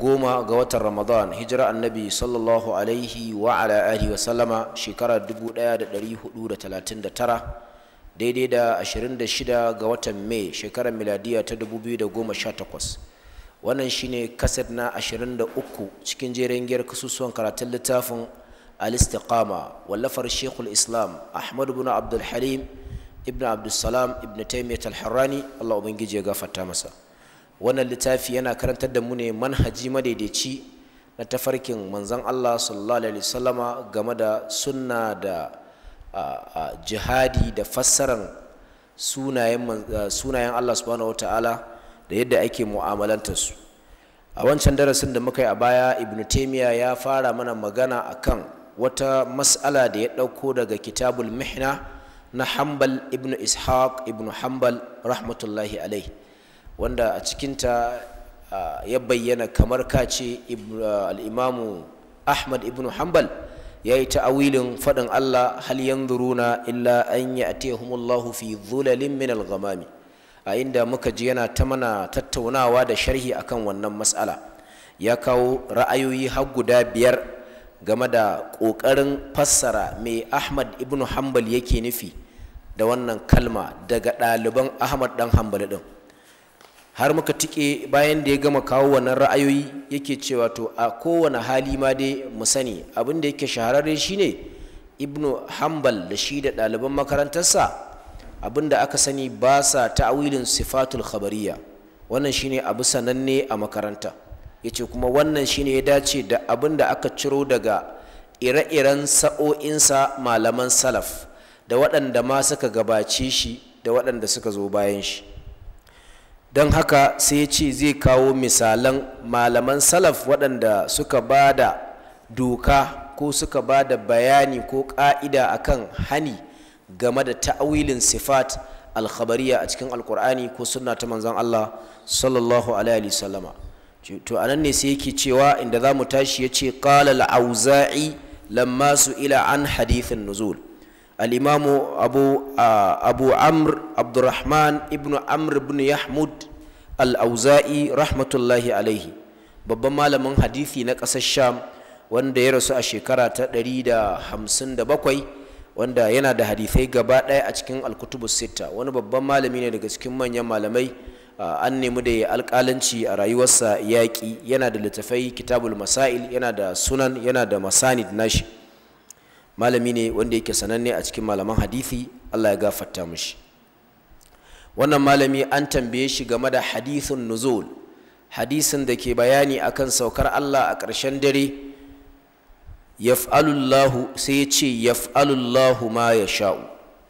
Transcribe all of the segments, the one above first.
goma ga watan ramadan hijira annabi sallallahu alaihi wa ala alihi wa sallama shekara 1439 daidai da 26 ga watan mai shekarar miladiya ta 2018 wannan shine kaset na 23 cikin jerin giyar kasusuwan karatun littafin al wallafar shekul islam Ahmadu Buna abdul halim ibn abdul salam ibn taymiyyah al allah ubangiji ya gafarta masa wannan littafi yana karantar da mu ne manhaji madaidaici na tafarkin manzon Allah sallallahu alaihi wasallama game da sunna da jihadi da fassaran sunayen sunayen Allah subhanahu wataala da yadda ake mu'amalantar su a wancan darasin da muka yi a baya ibnu taymiya ya fara mana magana akan wata mas'ala da ya dauko daga kitabul mihna na hanbal ibnu ishaq ibnu hanbal rahmatullahi alaihi wanda a cikinta ya bayyana kamar kace al'imamu ahmad ibn hanbal ya yi ta'awilin faɗin allah hal yanzuruna illa an ya'tihumullahu fi zulalin min al-ghamami a inda muka ji yana ta mana tattaunawa da sharhi akan wannan mas'ala ya kawo ra'ayoyi har guda biyar game da ƙoƙarin fassara mai ahmad ibn hanbal yake nufi da wannan kalma daga ɗaliban ahmad ɗan hanbali ɗin har muka tike bayan da ya gama kawo wannan ra'ayoyi yake cewa to a kowane hali ma dai mu sani abin da yake shahararre shine ibnu hanbal da shi da ɗaliban makarantarsa abin da aka sani ba sa ta'awilin sifatul khabariya wannan shine abu sananne a makaranta yace kuma wannan shine ya dace da abin da aka ciro daga ire-iren sa'o'insa malaman salaf da waɗanda ma suka gabace shi da waɗanda suka zo bayan shi don haka sai ce zai kawo misalan malaman salaf waɗanda suka ba da doka ko suka ba da bayani ko ƙa'ida a kan hani game da ta'awilin sifat alkhabariya a cikin alkur'ani ko suna ta manzon Allah sallallahu alaihi wasallama to anan ne sai yake cewa inda za mu tashi ya ce qala al-auza'i lamma ila an hadithin nuzul الإمام أبو أبو عمرو عبد الرحمن ابن عمرو بن يحمد الأوزائي رحمة babban malamin hadisi na ƙasar sham wanda ya rasu a shekara ta ɗari da da hamsin bakwai wanda yana da hadisai gaba ɗaya a cikin alkutubus sita wani babban malami ne daga cikin manyan malamai an nemi da ya alƙalanci a rayuwarsa yaƙi yana da littafai kitabul masail yana da sunan yana da masanid nashi malami ne wanda yake sananne a cikin malaman hadithi Allah ya gafarta mishi wannan malami an tambaye shi game da hadithun nuzul hadisin da ke bayani akan saukar Allah a ƙarshen dare yaf'alullahu sai ya ce yaf'alullahu ma ya sha'u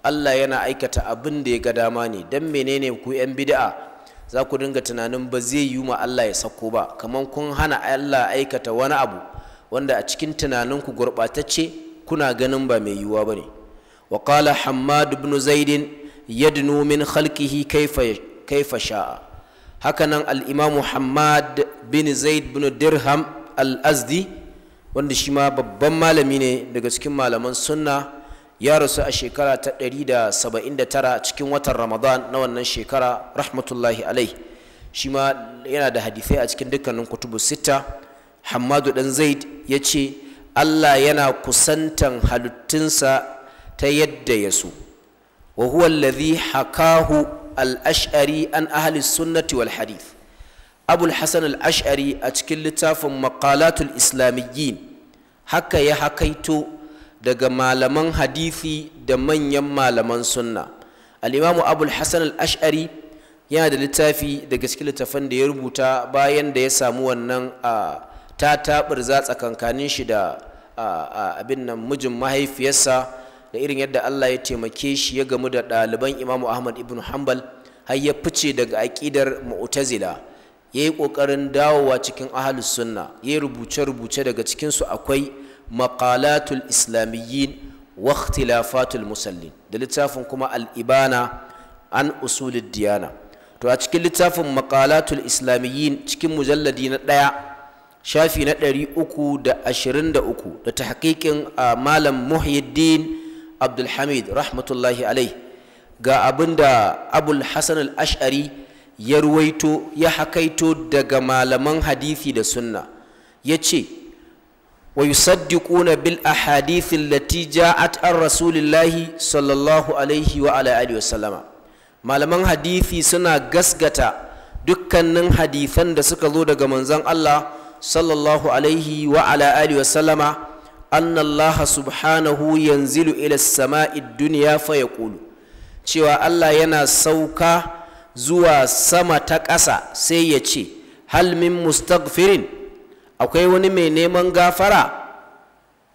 Allah yana aikata abin da ya ga dama ne dan menene ku yan bid'a za ku dinga tunanin ba zai yi ma Allah ya sako ba kamar kun hana Allah aikata wani abu wanda a cikin tunaninku gurɓatacce kuna ganin ba mai yiwuwa ne wa qala hamad ibn zaidin yadnu min khalqihi kaifa sha'a hakanan al-imam hammad bin zaid bin dirham al'azdi wanda shi ma babban malami ne daga cikin malaman sunna ya rasu a shekara ta 179 cikin watan ramadan na wannan shekara rahmatullahi alai shi ma yana da hadisai a cikin dukkanin kutubu sita hamadu dan zaid ya ce Allah yana kusantan halittunsa ta yadda ya so wa huwa alladhi hakahu al-ash'ari an ahli sunnati wal hadith al hasan al-ash'ari a cikin littafin maqalatul islamiyyin haka ya hakaito daga malaman hadithi da manyan malaman sunna al abu abul hasan al-ash'ari yana da littafi daga cikin littafin da ya rubuta bayan da ya samu wannan a ah, ta taɓurza tsakankanin shi da abin nan mijin mahaifiyarsa da irin yadda Allah ya taimake shi ya gamu da ɗaliban Imam Ahmad ibn Hanbal har ya fice daga aƙidar Mu'tazila ya yi ƙoƙarin dawowa cikin ahalus sunna ya rubuce-rubuce daga cikinsu akwai maqalatul islamiyyin wa ikhtilafatul musallin da littafin kuma al-ibana an usulid diyana to a cikin littafin maqalatul islamiyyin cikin mujalladi na ɗaya shafi na ɗari uku da ashirin da uku da ta malam muhyiddin abdulhamid rahmatullahi ga abinda da abul hassan ya ruwaito ya hakaito daga malaman hadithi da sunna ya ce wa yusaddiquna bil ahadithi allati ja'at an rasulillahi sallallahu alaihi wa ala alihi wa sallama malaman hadithi suna gasgata dukkanin hadithan da suka zo daga manzon Allah sallallahu alaihi wa ala alihi wa sallama anna Allah subhanahu yanzilu ila sama'i dunya fa yaqulu cewa Allah yana sauka zuwa sama ta ƙasa sai ya ce hal min mustaghfirin akwai wani mai neman gafara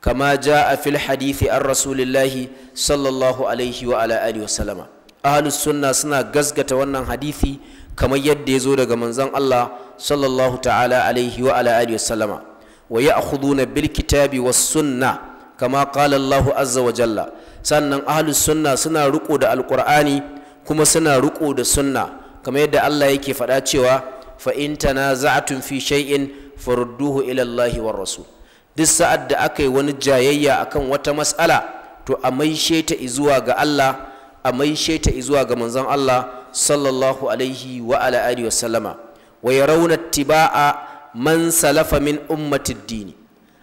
kama a fil hadithi an rasulillahi sallallahu alaihi wa ala alihi wa sallama ahlus sunna suna gasgata wannan hadithi kamar yadda ya zo daga manzon Allah sallallahu ta'ala alaihi wa ala alihi wasallama wa ya'khuduna bil kitabi was sunna kama qala Allahu azza wa jalla sannan ahlus sunna suna ruko da alqur'ani kuma suna ruko da sunna kamar yadda Allah yake faɗa cewa fa in tanaza'tum fi shay'in farudduhu ila Allahi war rasul duk sa'ad da aka yi wani jayayya akan wata matsala to a maishe ta izuwa ga Allah a maishe ta izuwa ga manzon Allah sallallahu alaihi wa ala alihi wasallama wa yarawna tiba'a man salafa min ummatid dini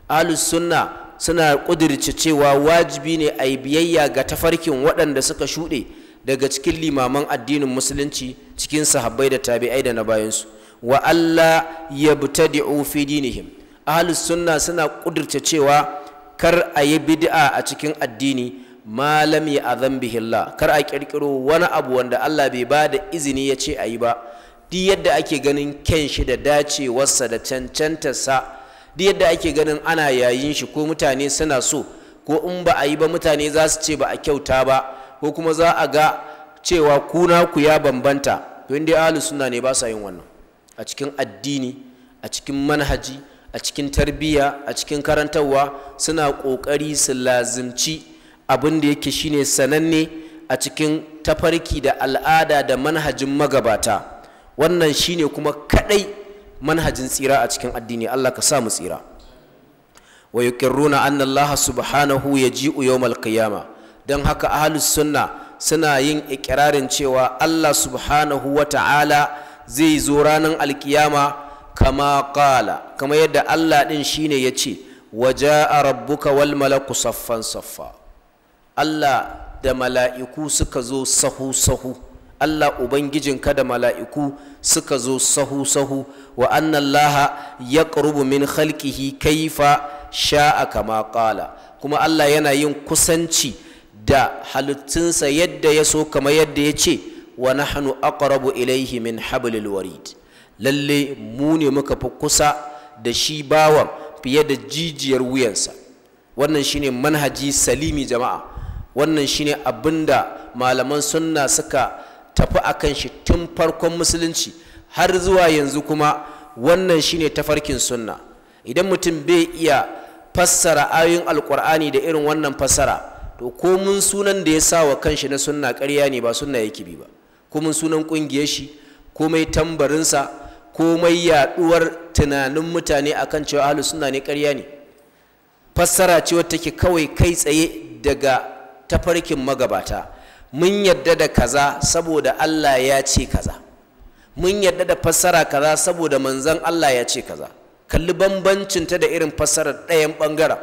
ahlus sunna suna kudirce cewa wajibi ne a biyayya ga tafarkin waɗanda suka shuɗe daga cikin limaman addinin musulunci cikin sahabbai da tabi'ai da na bayansu wa Allah yabtadi'u fi dinihim ahlus sunna suna kudirce cewa kar a yi bid'a a cikin addini malami ya ya'zan bihi kar a kirkiro wani abu wanda Allah bai ba da izini ya ce a yi ba Di yadda ake ganin ken shi da dacewarsa da cancantarsa Di yadda ake ganin ana yayin shi ko mutane suna so ko in ba a yi ba mutane za su ce ba a kyauta ba ko kuma za a ga cewa kuna ku ya bambanta to inda ahlu sunna ne ba sa yin wannan a cikin addini a cikin manhaji a cikin tarbiyya a cikin karantarwa suna ƙoƙari su lazimci abin da yake shine sananne a cikin tafarki da al'ada da manhajin magabata wannan shine kuma kadai manhajin tsira a cikin addini Allah ka sa mu tsira wa yuqirruna anna Allah subhanahu yaji'u yawmal qiyama dan haka ahlus sunna suna yin ikirarin cewa Allah subhanahu wa ta'ala zai zo ranar alkiyama kama qala kama yadda Allah din shine yace waja'a rabbuka wal malaku saffan saffa Allah da mala'iku suka zo sahu-sahu Allah Ubangijinka da mala'iku suka zo sahu-sahu wa annan laha ya ƙarubu min halkihi kaifa sha'a kama ƙala kuma Allah yana yin kusanci da halittunsa yadda ya so kama yadda ya ce wa nahnu aqrabu ilaihi min hablil warid lalle mu ne muka fi kusa da shi bawan fiye da jijiyar wuyansa wannan shine manhaji salimi jama'a wannan shine abinda malaman sunna suka tafi akan shi tun farkon musulunci har zuwa yanzu kuma wannan shine tafarkin sunna idan mutum bai iya fassara ayoyin alkur'ani da irin wannan fassara to ko mun sunan da ya sa wa kanshi na sunna ƙarya ne ba sunna yake bi ba ko mun sunan ƙungiyar shi ko mai tambarinsa mai yaɗuwar tunanin mutane akan cewa ahlus sunna ne ƙarya ne fassara ce wata take kawai kai tsaye daga ta farkin magabata mun yadda da kaza saboda Allah ya ce kaza mun yadda da fassara kaza saboda manzon Allah ya ce kaza kalli bambancin ta da irin fassarar ɗayan ɓangaren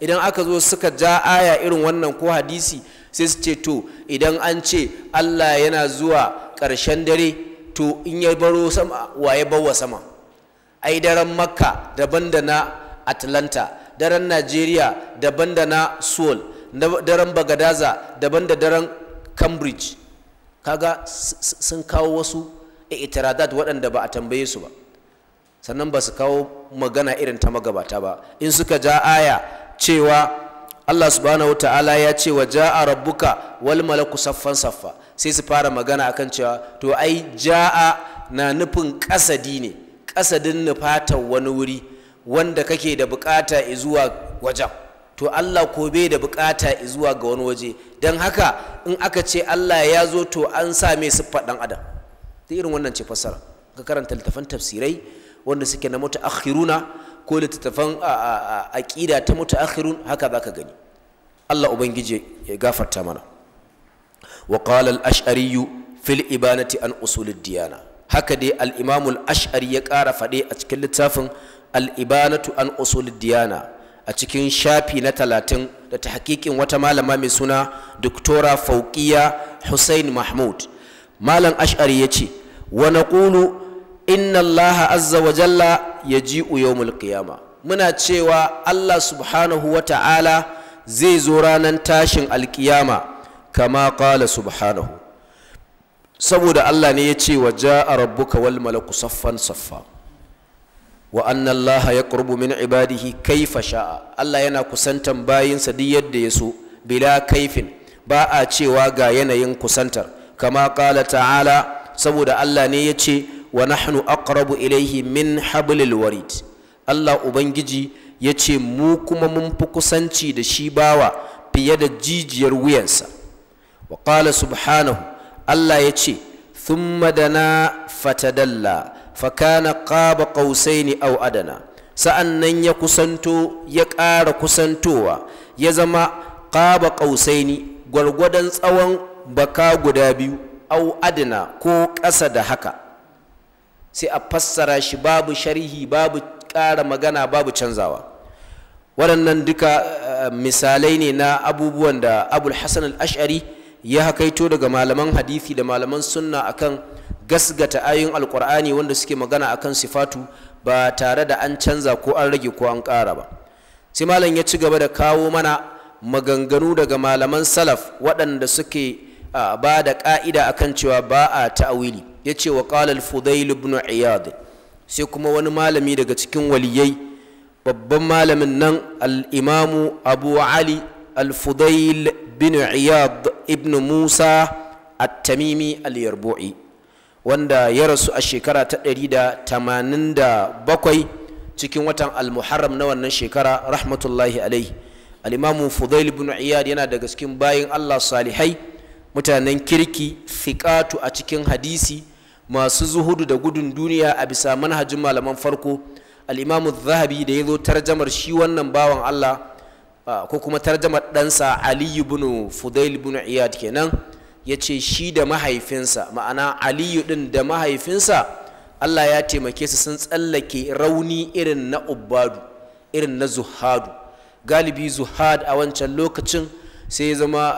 idan aka zo suka ja aya irin wannan ko hadisi sai su ce to idan an ce Allah yana zuwa ƙarshen dare to in ya baro sama wa ya bawa sama ai daren makka daban da na atlanta daren najeriya daban da na seoul daren bagadaza daban da daren cambridge kaga sun kawo wasu itiradat waɗanda ba a tambaye su ba sannan ba su kawo magana irin ta magabata ba in suka ja aya cewa Allah subhanahu wa ta'ala ya ce wa ja'a rabbuka wal malaku saffan saffa sai su fara magana akan cewa to ai ja'a na nufin kasadi ne kasadin nufatar wani wuri wanda kake da bukata zuwa wajen to Allah ko bai da bukata zuwa ga wani waje don haka in aka ce Allah ya zo to an sa mai siffar dan adam ta irin wannan ce fassara ka karanta littafan tafsirai wanda suke na akhiruna ko littafan aqida ta akhirun haka zaka gani Allah ubangiji ya gafarta mana wa qala al-ash'ari fil ibanati an usulun diyana haka dai al-imam ashari ya kara fade a cikin littafin al-ibanatu an usulun diyana a cikin shafi na talatin da ta hakikin wata malama mai suna doktora fauƙiya hussain mahmud malam ash'ari ya ce wa naqulu inna allaha azza wa jalla ya yaji'u yawmul qiyama muna cewa allah subhanahu wa ta'ala zai zo ranar tashin alkiyama kama qala subhanahu saboda allah ne ya ce wa ja'a rabbuka wal malaku saffan saffa wa anna allaha yaqrubu min ibadihi kaifa sha'a Allah yana kusantar bayinsa duk yadda ya so bila kaifin ba a cewa ga yanayin kusantar kama qala ta'ala saboda Allah ne ya ce wa nahnu aqrabu ilaihi min hablil warid Allah ubangiji ce mu kuma mun fi kusanci da shi bawa fiye da jijiyar wuyansa wa qala subhanahu Allah ya yace thumma dana fatadalla fakana qaba qausaini au adana sa'an nan ya kusanto ya ƙara kusantowa ya zama qaba qausaini gwargwadon tsawon baka guda biyu au adana ko ƙasa da haka sai a fassara shi babu sharhi babu ƙara magana babu canzawa waɗannan duka eh, misalai ne na abubuwan da abul hasan al-ash'ari ya hakaito daga malaman hadithi da malaman sunna akan gasgata ayoyin alkur'ani wanda suke magana akan sifatu ba tare da an canza ko an rage ko an ƙara ba sai malam ya ci gaba da kawo mana maganganu daga malaman salaf waɗanda suke ba da ƙa'ida akan cewa ba a ta'awili ya ce wa ƙalal fudail ibn iyad sai kuma wani malami daga cikin waliyai babban malamin nan al-imamu abu ali al-fudail bin iyad ibn musa at-tamimi al-yarbu'i wanda ya rasu a shekara ta da da tamanin bakwai cikin watan almuharram na wannan shekara rahmatullahi alaihi alimamu fudail ibn iyad yana daga cikin bayin Allah salihai mutanen kirki fiƙatu a cikin hadisi masu zuhudu da gudun duniya a bisa manhajin malaman farko alimamu zahabi da ya zo tarjamar shi wannan bawan Allah ko kuma tarjamar ɗansa aliyu ibn fudail ibn iyad kenan ya ce shi da mahaifinsa ma'ana aliyu ɗin da mahaifinsa allah ya taimake su sun tsallake rauni irin na ubbadu irin na zuhadu galibi zuhad a wancan lokacin sai ya zama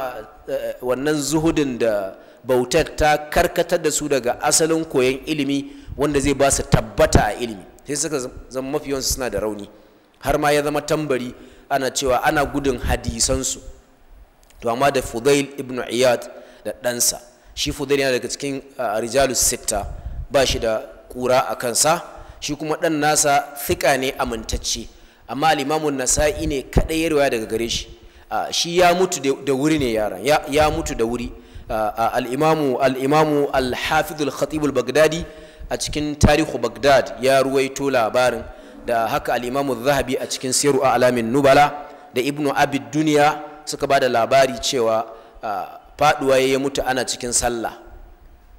eh, eh, wannan zuhudin da bautar ta karkatar da su daga asalin koyon ilimi wanda zai ba su tabbata a ilimi sai suka zama mafi yawansu suna da rauni har ma ya zama tambari ana cewa ana gudun hadisansu to amma da fudail ibnu iyad da ɗansa shi fudail yana daga cikin ah, rijalus sitta ba shi da ƙura a kansa shi kuma ɗan nasa thiƙa ne amintacce amma alimamun nasa'i ne kaɗai ya riwaya daga gare shi ah, shi ya mutu da wuri ne yaran ya mutu da wuri ah, al'imamu al'imamu al khatibul bagdadi a cikin tarihu bagdad ya ruwaito labarin da haka al'imamu zahabi a cikin siru a alamin nubala da ibnu abid duniya suka ba da labari cewa faduwa ya mutu ana cikin sallah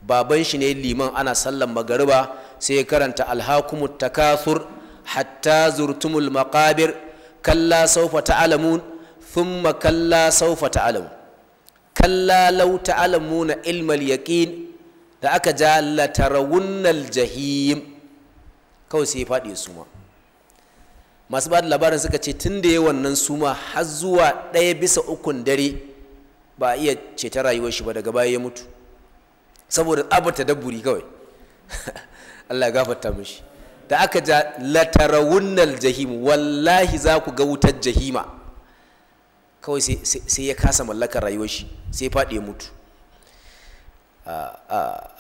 baban shi ne liman ana sallan magariba sai ya karanta alhakumu takathur hatta zurtumul maqabir kalla sawfa ta'lamun thumma kalla sawfa ta'lamun kalla law ta'lamuna ilmal yaqin da aka ja la tarawunnal jahim kawai sai ya suma masu ba da labarin suka ce tun da ya wannan suma har zuwa ɗaya bisa ukun dare ba a iya ceta rayuwar shi ba daga baya ya mutu saboda tsabar dabburi kawai Allah gafarta mishi da aka ja latarawunnal jahim wallahi za ku ga wutar jahima kawai sai ya kasa mallakar rayuwar shi sai faɗi ya mutu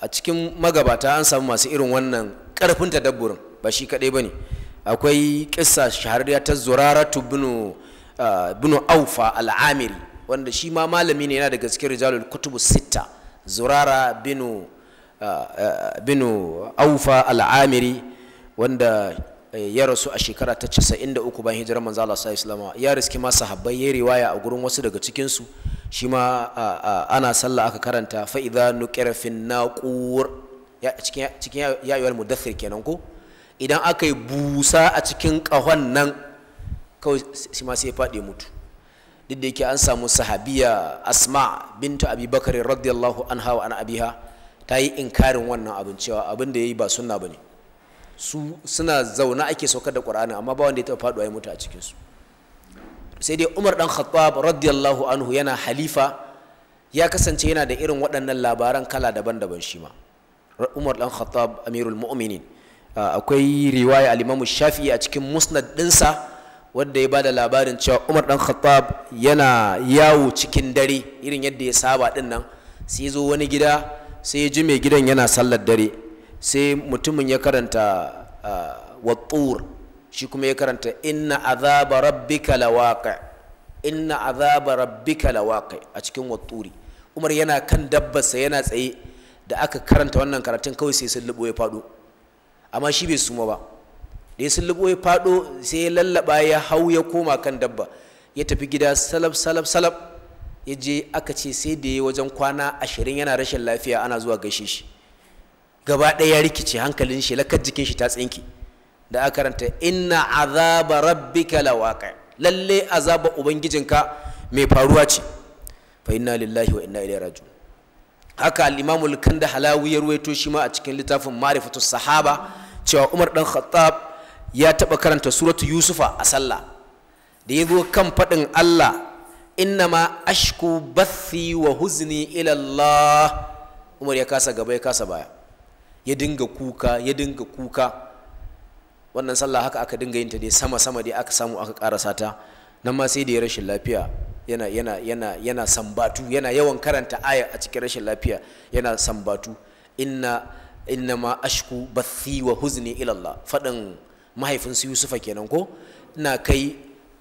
a cikin magabata an samu masu irin wannan ƙarfin daburin ba shi kaɗai ba ne akwai ƙisa shahararriya ta zuraratu binu aufa al'amiri wanda shi ma malami ne yana daga cikin rijalul kutubu sitta zurara binu ah, ah, binu aufa al'amiri wanda eh, ya rasu a shekara ta 93 bayan hijirar manzo Allah sallallahu alaihi ya riski ma sahabbai ya riwaya a gurin wasu daga cikin su shi ma ah, ana sallah aka karanta fa idza nuqira fin naqur ya cikin cikin ya mudaththir kenan ko idan aka yi busa a cikin kahon nan kawai shi ma sai ya fade mutu duk da yake an samu sahabiya asma bintu abi bakari radiyallahu anha wa an abiha ta yi inkarin wannan abin cewa abin da ya yi ba suna ba ne su suna zauna ake saukar da ƙwararren amma ba wanda ya taɓa faɗuwa ya mutu a cikinsu sai dai umar ɗan khattab radiyallahu anhu yana halifa ya kasance yana da irin waɗannan labaran kala daban-daban shi ma umar ɗan khattab amirul mu'minin akwai riwaya alimamu shafi a cikin musnad ɗinsa wanda ya bada labarin cewa Umar dan Khattab yana yawo cikin dare irin yadda ya saba din nan sai zo wani gida sai ya ji mai gidan yana sallar dare sai mutumin ya karanta ah, wattur shi kuma ya karanta inna azaba rabbika lawaqi inna azaba rabbika lawaqi a cikin watturi Umar yana kan dabbarsa yana tsaye da aka karanta wannan karatun kawai sai sun lubo ya faɗo amma shi bai suma ba da ya sullubo ya faɗo sai ya lallaba ya hau ya koma kan dabba ya tafi gida salab salab salab ya je aka ce sai da ya wajen kwana ashirin yana rashin lafiya ana zuwa gaishe shi gaba ɗaya ya rikice hankalin shi lakar jikin shi ta tsinki da aka karanta inna azaba rabbika lawaqi lalle azaba ubangijinka mai faruwa ce fa inna lillahi wa inna ilaihi raji'un haka al-imamu al-kanda halawi ya ruwaito shi ma a cikin littafin ma'rifatus sahaba cewa Umar dan Khattab ya taɓa karanta suratu yusufa a sallah da ya zo kan faɗin allah innama ashku bathi wa huzni ilallah umar ya kasa gaba ya kasa baya ya dinga kuka ya dinga kuka wannan sallah haka aka dinga yin ta dai sama sama dai aka samu aka karasa ta nan ma sai da ya rashin lafiya yana yana yana yana sambatu yana yawan karanta aya a cikin rashin lafiya yana sambatu inna innama ashku bathi wa huzni ilallah faɗin. fadin mahaifinsu yusufa kenan ko ina kai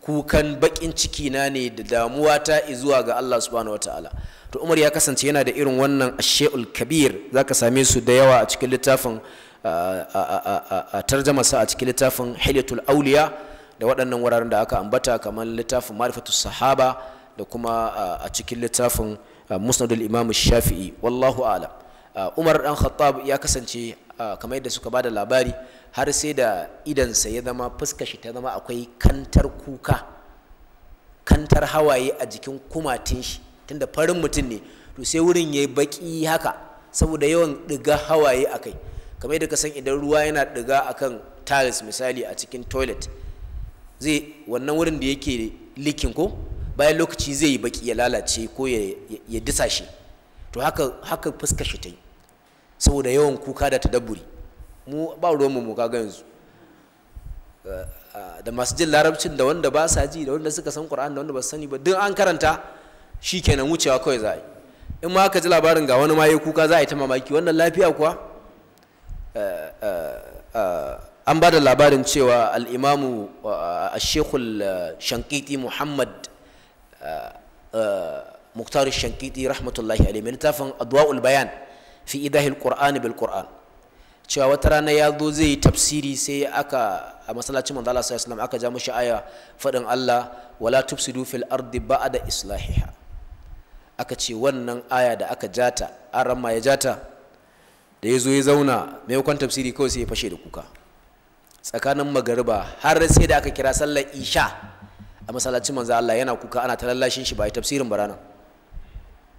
kukan bakin ciki na ne da damuwa ta zuwa ga Allah subhanahu wataala to Umar ya kasance yana da irin wannan ashe'ul kabir zaka same su da yawa a cikin littafin a tarjama sa a cikin littafin hilyatul auliya da waɗannan wuraren da aka ambata kamar littafin Marifatu sahaba da kuma a cikin littafin musnadul imam shafi'i wallahu a'lam umar dan khattab ya kasance kamar yadda suka bada labari har sai da idansa ya zama fuska shi ta zama akwai kantar kuka kantar hawaye a jikin kumatin shi tunda farin mutum ne to sai wurin ya yi baki haka saboda yawan ɗiga hawaye a kai kamar yadda ka san idan ruwa yana ɗiga a kan tiles misali a cikin toilet zai wannan wurin da yake likin ko bayan lokaci zai yi baki ya lalace ko ya disa shi to haka haka shi ta yi saboda yawan kuka da tadabburi mu ba ruwanmu mu kaga yanzu eh, ah, da masu jin larabcin da wanda ba sa ji da wanda suka san qur'an da wanda ba su sani ba duk an karanta shi kenan wucewa kawai za a yi in ma aka ji labarin ga wani ma ya kuka za a yi ta mamaki wannan lafiya kuwa eh, eh, an ba da labarin cewa al'imamu a shekul shankiti muhammad muktar shankiti rahmatullahi alimin littafin adwa'ul bayan fi idahil qur'ani bil qur'an cewa wata rana ya zo zai yi tafsiri sai aka a masallacin manzo Allah sallallahu alaihi aka ja mishi aya fadin Allah wala tufsidu fil ardi ba'da islahiha aka ce wannan aya da aka jata aran ma ya jata da ya zo ya zauna maimakon tafsiri kawai sai ya fashe da kuka tsakanin magariba har sai da aka kira sallar isha a masallacin manzo Allah yana kuka ana ta lallashin shi ba tafsirin barana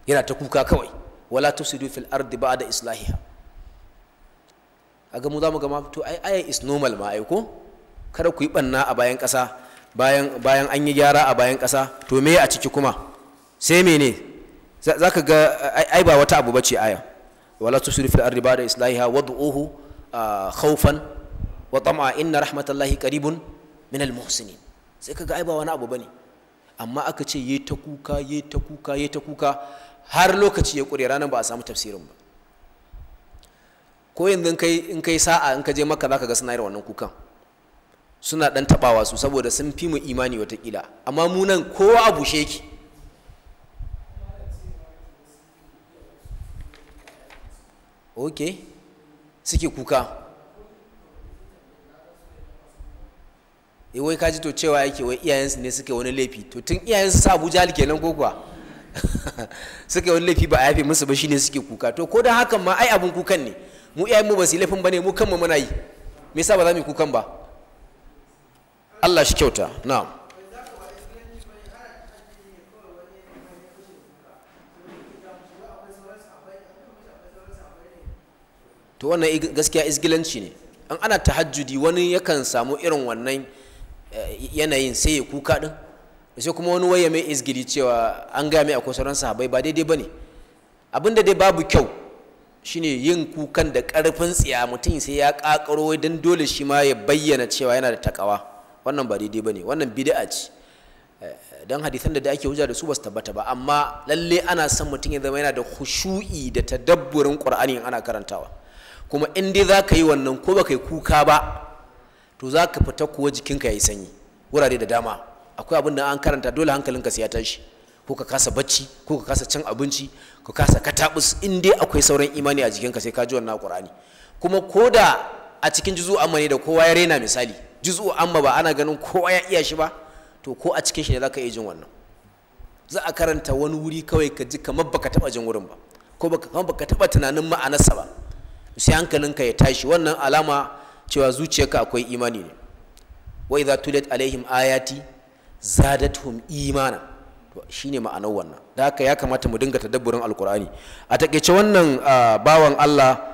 yana ta kuka kawai wala tufsidu fil ardi ba'da islahiha ga mu zamu mu gama to ai ayan is normal ma ai ko kada ku yi banna a bayan ƙasa bayan bayan an yi gyara a bayan ƙasa to me a ciki kuma sai mene za ka ga ai ba wata abu bace aya wala tusrifu fil ardi ba'da islahiha wad'uhu ah, khawfan wa tam'a inna rahmatallahi qaribun min al muhsinin sai ka ga ai ba wani abu bane amma aka ce yayi ta kuka yayi ta kuka yayi ta kuka har lokaci ya kure ranar ba a samu tafsirin ba ko yanzu in kai sa'a in ka je maka zaka ga suna yin wannan kukan suna dan tabawa su saboda sun fi mu imani watakila amma mu nan kowa a bushe ki ok suke kuka e wai kaji to cewa yake wai iyayensu ne suke wani laifi to tun iyayensu sa abuja jahil nan ko kuwa suke wani laifi ba a yafe musu ba shine suke kuka to ko da hakan ma ai abun kukan ne mu iyayenmu ba su yi laifin ba ne mu kanmu muna yi me yasa ba za mu yi kukan ba Allah shi kyauta na'am to wannan gaskiya isgilanci ne an ana tahajjudi wani yakan samu irin wannan eh, yanayin sai ya kuka din sai kuma wani waya mai isgili cewa an gaya mai akwai sauran sahabai ba daidai ba ne abinda dai babu kyau shine yin kukan da ƙarfin tsiya mutum sai ya ƙaƙaro don dole shi ma ya bayyana cewa yana da takawa wannan ba daidai ba ne wannan bid'a ce eh, don hadisan da ake hujja da su ba su tabbata ba amma lalle ana son mutum ya zama yana da khushu'i da tadabburin qur'ani in ana karantawa kuma in dai za ka yi wannan ko ba yi kuka ba to za ka fita kuwa jikinka ya yi sanyi wurare da dama akwai abin da an karanta dole hankalinka sai ya tashi ko ka kasa bacci ko ka kasa cin abinci ka kasa katabus in dai akwai sauran imani a jikinka sai ka ji wannan qur'ani kuma koda a cikin juzu amma ne da kowa ya rena misali juzu amma ba ana ganin kowa ya iya shi ba to ko a cikin shi ne zaka iya jin wannan za a karanta wani wuri kawai ka ji kamar baka taba jin wurin ba ko baka kamar baka taba tunanin ma'anarsa ba sai hankalinka ya tashi wannan alama cewa zuciyarka akwai imani ne wa idza tuliyat alaihim ayati zadatuhum imana shine ma'anar wannan da haka ya kamata mu dinga tadabburin alkur'ani a taƙaice wannan bawan Allah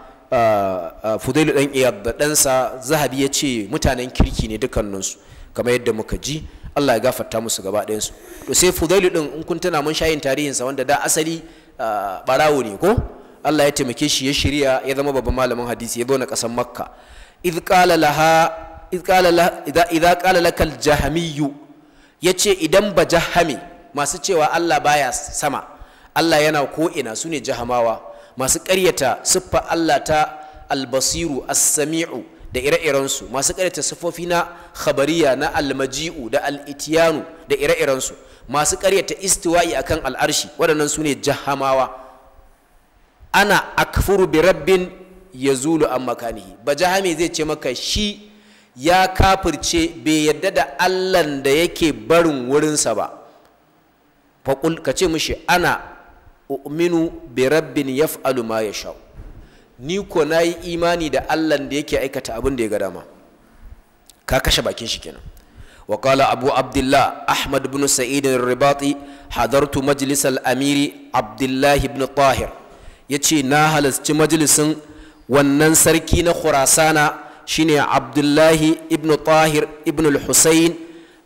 Fudailu dan Iyad da ɗansa Zahabi ya ce mutanen kirki ne dukkaninsu kamar yadda muka ji Allah ya gafarta musu gaba ɗayansu to sai Fudailu din in kun tana mun shayin tarihinsa wanda da asali barawo ne ko Allah ya taimake shi ya shirya ya zama babban malamin hadisi ya zo na ƙasar Makka idh qala laha idh qala idha qala lakal jahamiyyu yace idan bajahami masu cewa Allah baya sama Allah yana ko'ina su ne jahamawa masu karyata siffa Allah ta albasiru as-sami'u da ire-irensu masu ƙaryata siffofi na khabariya na almaji'u da al'itiyanu da ire-irensu masu karyata istiwa'i akan al'arshi waɗannan su ne jahamawa ana akfuru bi rabbin yazulu an makanihi bajahame zai ce maka shi ya kafirce bai yadda da allan da yake barin wurinsa ba faƙul ka ce mishi ana uminu bi rabbin yaf'alu ma yasha ni ko na yi imani da Allah da yake aikata abin da ya ga dama ka kashe bakin shi kenan wa qala abu abdullah ahmad ibn sa'id ar-ribati hadartu majlis al-amiri abdullah ibn tahir yace na halarci majlisin wannan sarki na khurasana shine abdullahi ibn tahir ibn al-husayn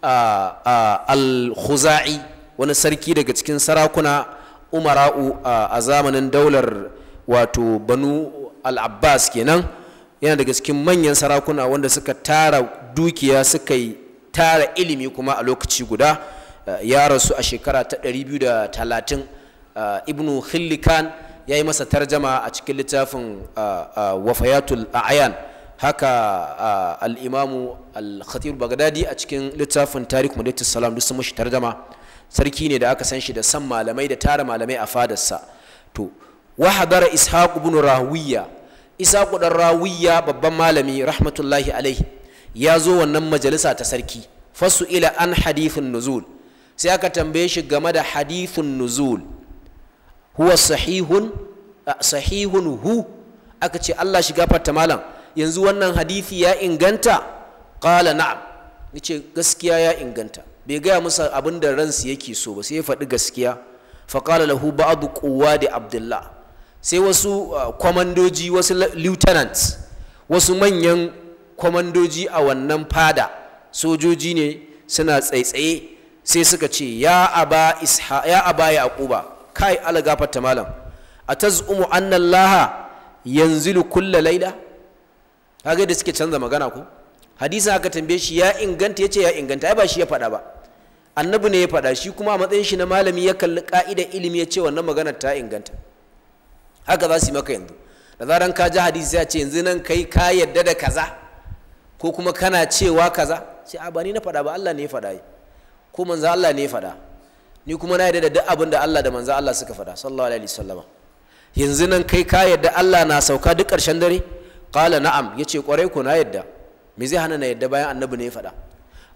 al-khuzai wani sarki daga cikin sarakuna umara'u a zamanin daular wato banu al-abbas kenan yana daga cikin manyan sarakuna wanda suka tara dukiya suka yi tara ilimi kuma a lokaci guda ya rasu a shekara ta 230 ibnu hillikan ya yi masa tarjama a cikin littafin wafayatul a'yan haka al-imamu al bagdadi a cikin littafin tarikh mudaitis salam duk sun mashi tarjama sarki ne da aka san shi da san malamai da tara malamai a fadarsa to wa hadara ishaq ibn rawiya ishaq dan rawiya babban malami rahmatullahi alaihi ya zo wannan majalisa ta sarki fasu ila an hadithun nuzul sai aka tambaye shi game da hadithun nuzul huwa sahihun sahihun hu aka ce Allah shiga fatta malam yanzu wannan hadithi ya inganta qala na'am yace gaskiya ya inganta bai gaya musu abin da ransu yake so ba sai ya faɗi gaskiya faƙala lahu ba'adu quwwa da abdullah sai wasu uh, kwamandoji wasu lieutenants wasu manyan kwamandoji a wannan fada sojoji ne suna tsaitsaye sai suka ce ya aba isha ya aba yaquba kai ala gafarta malam atazumu anna allaha yanzilu kulla laila kaga da suke canza magana ko hadisin aka tambaye shi ya inganta ya ce ya inganta ai ba shi ya faɗa ba annabi ne ya faɗa shi kuma a matsayin shi na malami ya kalli ka'ida ilimi ya ce wannan magana ta inganta haka za su yi maka yanzu da zaran ka ji hadisi ya ce yanzu nan kai ka yadda da kaza ko kuma kana cewa kaza sai a ba ni na faɗa ba Allah ne ya faɗa ko manzo Allah ne ya faɗa ni kuma na yadda da duk abin da Allah da manzo Allah suka faɗa sallallahu alaihi wasallam yanzu nan kai ka yadda Allah na sauka duk ƙarshen dare qala na'am yace kwarai ko na yadda me zai hana na yadda bayan annabi ne ya faɗa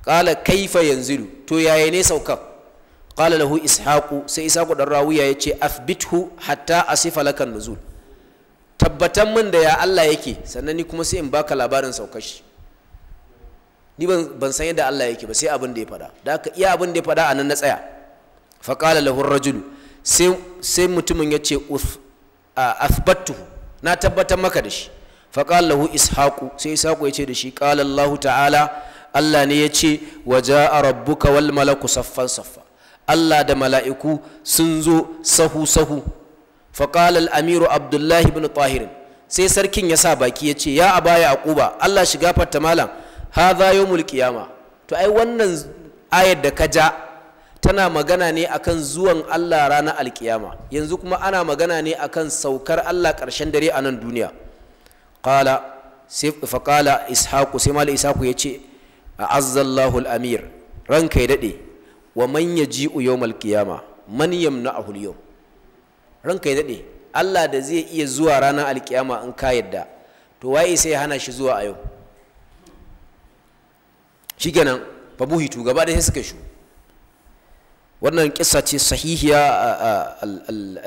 ƙala kaifa yanzilu to yaya ne saukan ƙala lahu ishaqu sai ishaqu dan rawiya ce athbithu hatta asifa lakan nuzul tabbatan min da ya Allah yake sannan ni kuma sai in baka labarin saukar shi ni ban san yadda Allah yake ba sai abin da ya faɗa da ka iya abin da ya faɗa a nan na tsaya fa ƙala lahu rajulu sai sai mutumin yace athbattuhu na tabbatar maka da shi faƙal lahu ishaku sai ishaku ya ce da shi ƙalallahu ta'ala allah ne ya ce wa ja'a rabbuka wal malaku saffan saffa allah da mala'iku sun zo sahu sahu faƙal al'amiru abdullahi ibn tahirin sai sarkin ya sa baki ya ce ya a aquba allah shiga fatta malam hadha yawmul qiyama to ai wannan ayar da ka ja tana magana ne akan zuwan Allah ranar alkiyama yanzu kuma ana magana ne akan saukar Allah ƙarshen dare a nan duniya qala fa qala ishaqu sai mal ishaqu yace azzallahu al-amir ranka ya dade wa man yaji'u yawmal qiyama man yamna'ahu al-yawm ranka ya dade Allah da zai iya zuwa ranar alkiyama in ka yadda to waye sai hana shi zuwa a yau shikenan fa buhitu gaba da sai suka shu wannan kissa ce sahihiya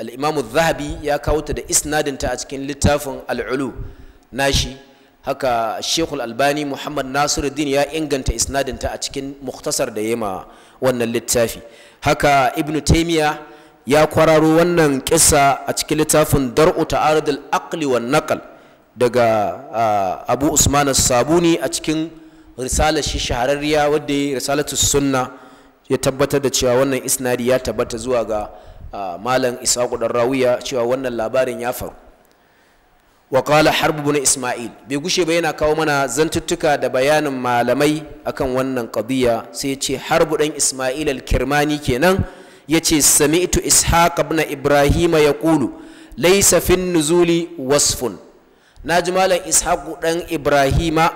al-Imam zahabi ya kawo ta da isnadinta a cikin littafin al-Ulu nashi haka shekul albani muhammad nasiruddin ya inganta isnadinta a cikin muktasar da yema wannan littafi haka ibnu taimiya ya kwararo wannan kisa a cikin littafin dar'u ta'aridul aqli wan naqal daga abu usman sabuni a cikin risalar shi shahararriya wadda ya risalatu sunna ya tabbatar da cewa wannan isnadi ya tabbata zuwa ga malam isa dan rawiya cewa wannan labarin ya faru wa qala harb ibn isma'il bai gushe ba yana kawo mana zantuttuka da bayanin malamai akan wannan qadiya sai ya ce harb dan isma'il al-kirmani kenan yace sami'tu ishaq ibn ibrahim yaqulu laysa fin nuzuli wasfun naji malam ishaq dan ibrahima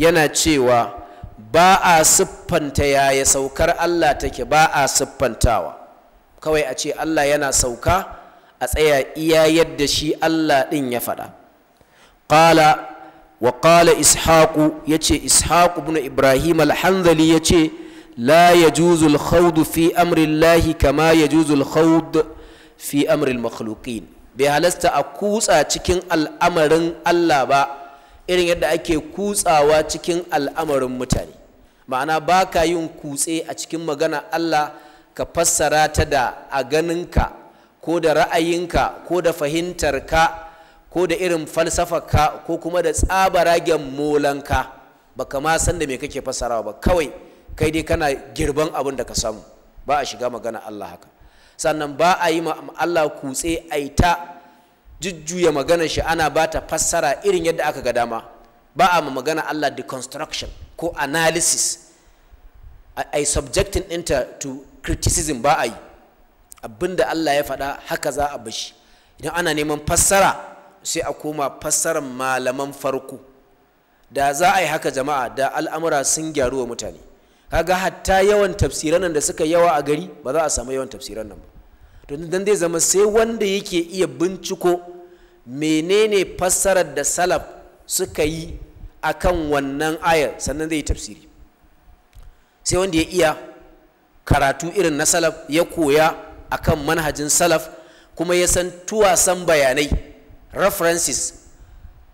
yana cewa ba a siffanta yaya saukar Allah take ba a siffantawa kawai a ce Allah yana sauka a tsaya iya yadda shi Allah din ya faɗa qala wa qala ishaqu yace ishaq ibn ibrahim al-hanzali yace la yajuzu al-khawd fi amri allah kama yajuzu al-khawd fi amri al-makhluqin bai halasta a kutsa cikin al'amarin Allah ba irin yadda ake kutsawa cikin al'amarin mutane ma'ana ba ka yin kutse a cikin magana Allah ka fassara ta da a ganinka ko da ra'ayinka ko da fahimtarka ko da irin falsafarka ko kuma da tsabaragen molanka ka ma san da me kake fasarawa ba kawai kai dai kana girban abin da ka samu ba a shiga magana Allah haka sannan ba a yi Allah kutse a yi ta jujjuya maganar shi ana ba ta fassara irin yadda aka ga dama ba a ma magana Allah deconstruction ko analysis a yi subjecting ɗinta to criticism ba a yi da Allah ya faɗa haka za a bashi idan ana neman fassara sai a koma fassarar malaman farko da za a yi haka jama'a da al'amura sun gyaru wa mutane kaga hatta yawan tafsiran nan da suka yawa a gari ba za a samu yawan tafsiran nan ba to dan zai zama sai wanda yake iya binciko menene fassarar da salaf suka yi akan wannan aya sannan zai yi tafsiri sai wanda ya iya karatu irin na salaf ya koya akan manhajin salaf kuma ya san tuwasan bayanai references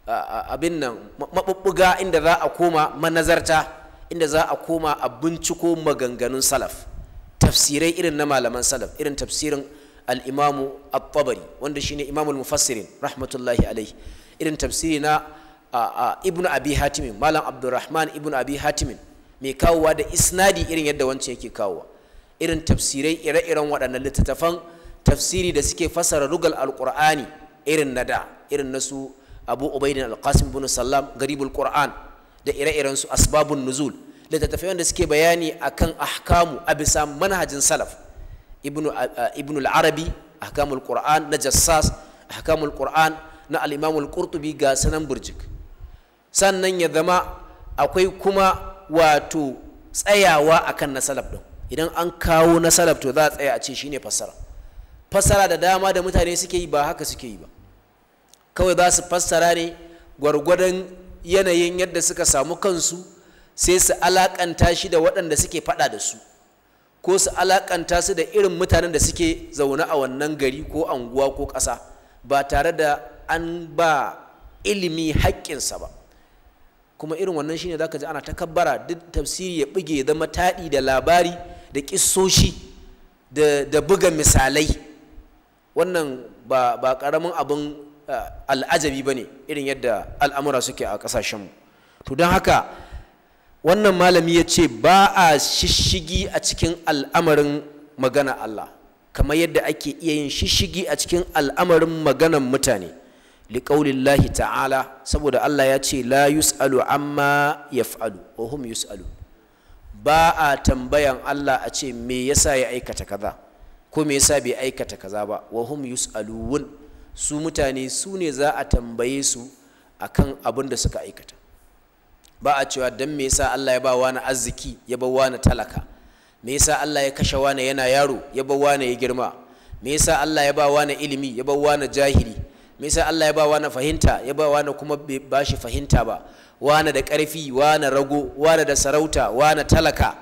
abin nan maɓuɓɓuga inda za a koma manazarta inda za a koma a binciko maganganun salaf tafsirai irin na malaman salaf irin tafsirin al'imamu at wanda shine imamul mufassirin rahmatullahi alaihi irin tafsiri na ibn abi hatimin malam abdurrahman ibn abi hatimin mai kawowa da isnadi irin yadda wancan yake kawowa irin tafsirai ire-iren waɗannan littattafan tafsiri da suke fassara rugal alkur'ani. irin na da irin na su abu ubaidin alqasim bin sallam garibul qur'an da ire-iren su asbabun nuzul littattafai da suke bayani akan ahkamu a bisa manhajin salaf ibnu uh, uh, al-arabi ahkamul qur'an na jassas ahkamul qur'an na al-imam al-qurtubi ga sanan burjik sannan ya zama akwai kuma wato tsayawa akan na salaf din idan an kawo na salaf to za a tsaya a ce shine fassara fasara da dama da mutane suke yi ba haka suke yi ba kawai za su fassara ne gwargwadon yanayin yadda suka samu kansu sai su alakanta shi da waɗanda suke faɗa da su ko su alakanta su da irin mutanen da suke zaune a wannan gari ko anguwa ko ƙasa ba tare da an ba ilimi haƙƙinsa ba kuma irin wannan shine zaka ji ana ta takabbara duk tafsiri ya buge ya zama taɗi da labari da ƙissoshi da, buga misalai wannan ba ƙaramin abin Eh, al'ajabi ba ne irin yadda al'amura suke a mu to don haka wannan malami ya ce ba a shishigi a cikin al'amarin magana Allah kamar yadda ake iya yin shishigi a cikin al'amarin maganan mutane liƙaulillahi ta'ala saboda Allah ya ce la yus'alu amma ya yaf'alu wa hum yus'alu ba a tambayan Allah a ce me yasa ya aikata kaza ko me yasa bai aikata kaza ba wa hum yus'alun su mutane su ne za a tambaye su a kan abin da suka aikata ba a cewa don me yasa Allah ya ba wani arziki ya ba wani talaka me yasa Allah ya kashe wani yana yaro ya ba wani ya girma me yasa Allah ya ba wani ilimi ya ba wani jahili me yasa Allah ya ba wani fahimta ya ba wani kuma bai ba shi fahimta ba wani da ƙarfi wani rago wani da sarauta wani talaka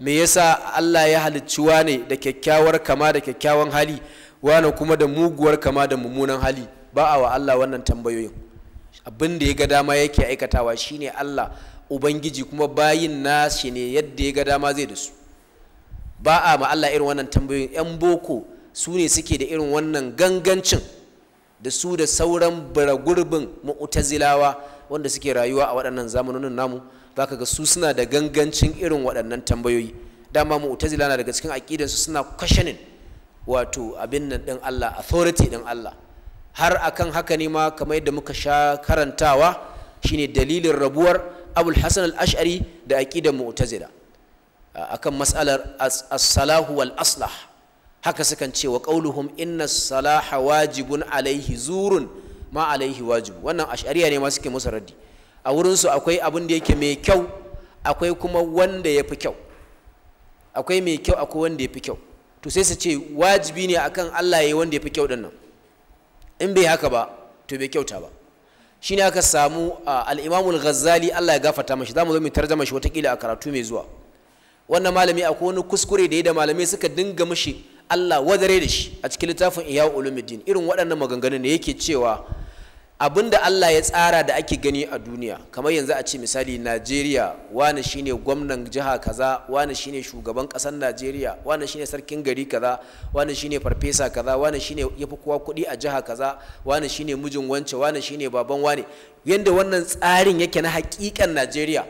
me yasa Allah ya halicci wani da kyakkyawar kama da kyakkyawan hali wane kuma da muguwar kama da mummunan hali ba a wa Allah wannan tambayoyin abin da ya ga dama yake aikatawa shine Allah ubangiji kuma bayin nashi ne yadda ya ga dama zai da su ba a ma Allah irin wannan tambayoyin yan boko su ne suke da irin wannan gangancin da su da sauran baragurbin mu'tazilawa wanda suke rayuwa a waɗannan zamanin namu zaka ga su suna da gangancin irin waɗannan tambayoyi dama mu'tazila na daga cikin su suna questioning wato abin nan ɗin Allah authority ɗin Allah har akan haka ne ma kamar yadda muka sha karantawa shine dalilin rabuwar abul hasan al-ash'ari da aqidar mu'tazila akan mas'alar as-salahu wal aslah haka sukan ce wa qauluhum inna salaha wajibun alaihi zurun ma alayhi wajibu wannan ash'ariya ne ma suke musu raddi a wurin su akwai abin da yake mai kyau akwai kuma wanda ya kyau akwai mai kyau akwai wanda yafi kyau to sai su ce wajibi ne akan Allah ya yi wanda fi kyau din nan in bai haka ba to bai kyauta ba shi ne aka samu al-Imam al-Ghazali Allah ya gafata mashi mu zo mu tarjama shi watakila a karatu mai zuwa wannan malami akwai wani kuskure da ya da malamai suka dinga mashi Allah wadare da shi a cikin littafin iyawu Ulumuddin irin waɗannan maganganun ne yake cewa abin da Allah ya tsara da ake gani a duniya kamar yanzu a ce misali Najeriya wani shine gwamnan jiha kaza wani shine shugaban ƙasar Najeriya wani shine sarkin gari kaza wani shine farfesa kaza wani shine yafi kowa kuɗi a jiha kaza wani shine mijin wance wani shine baban wane yanda wannan tsarin yake na hakikan Najeriya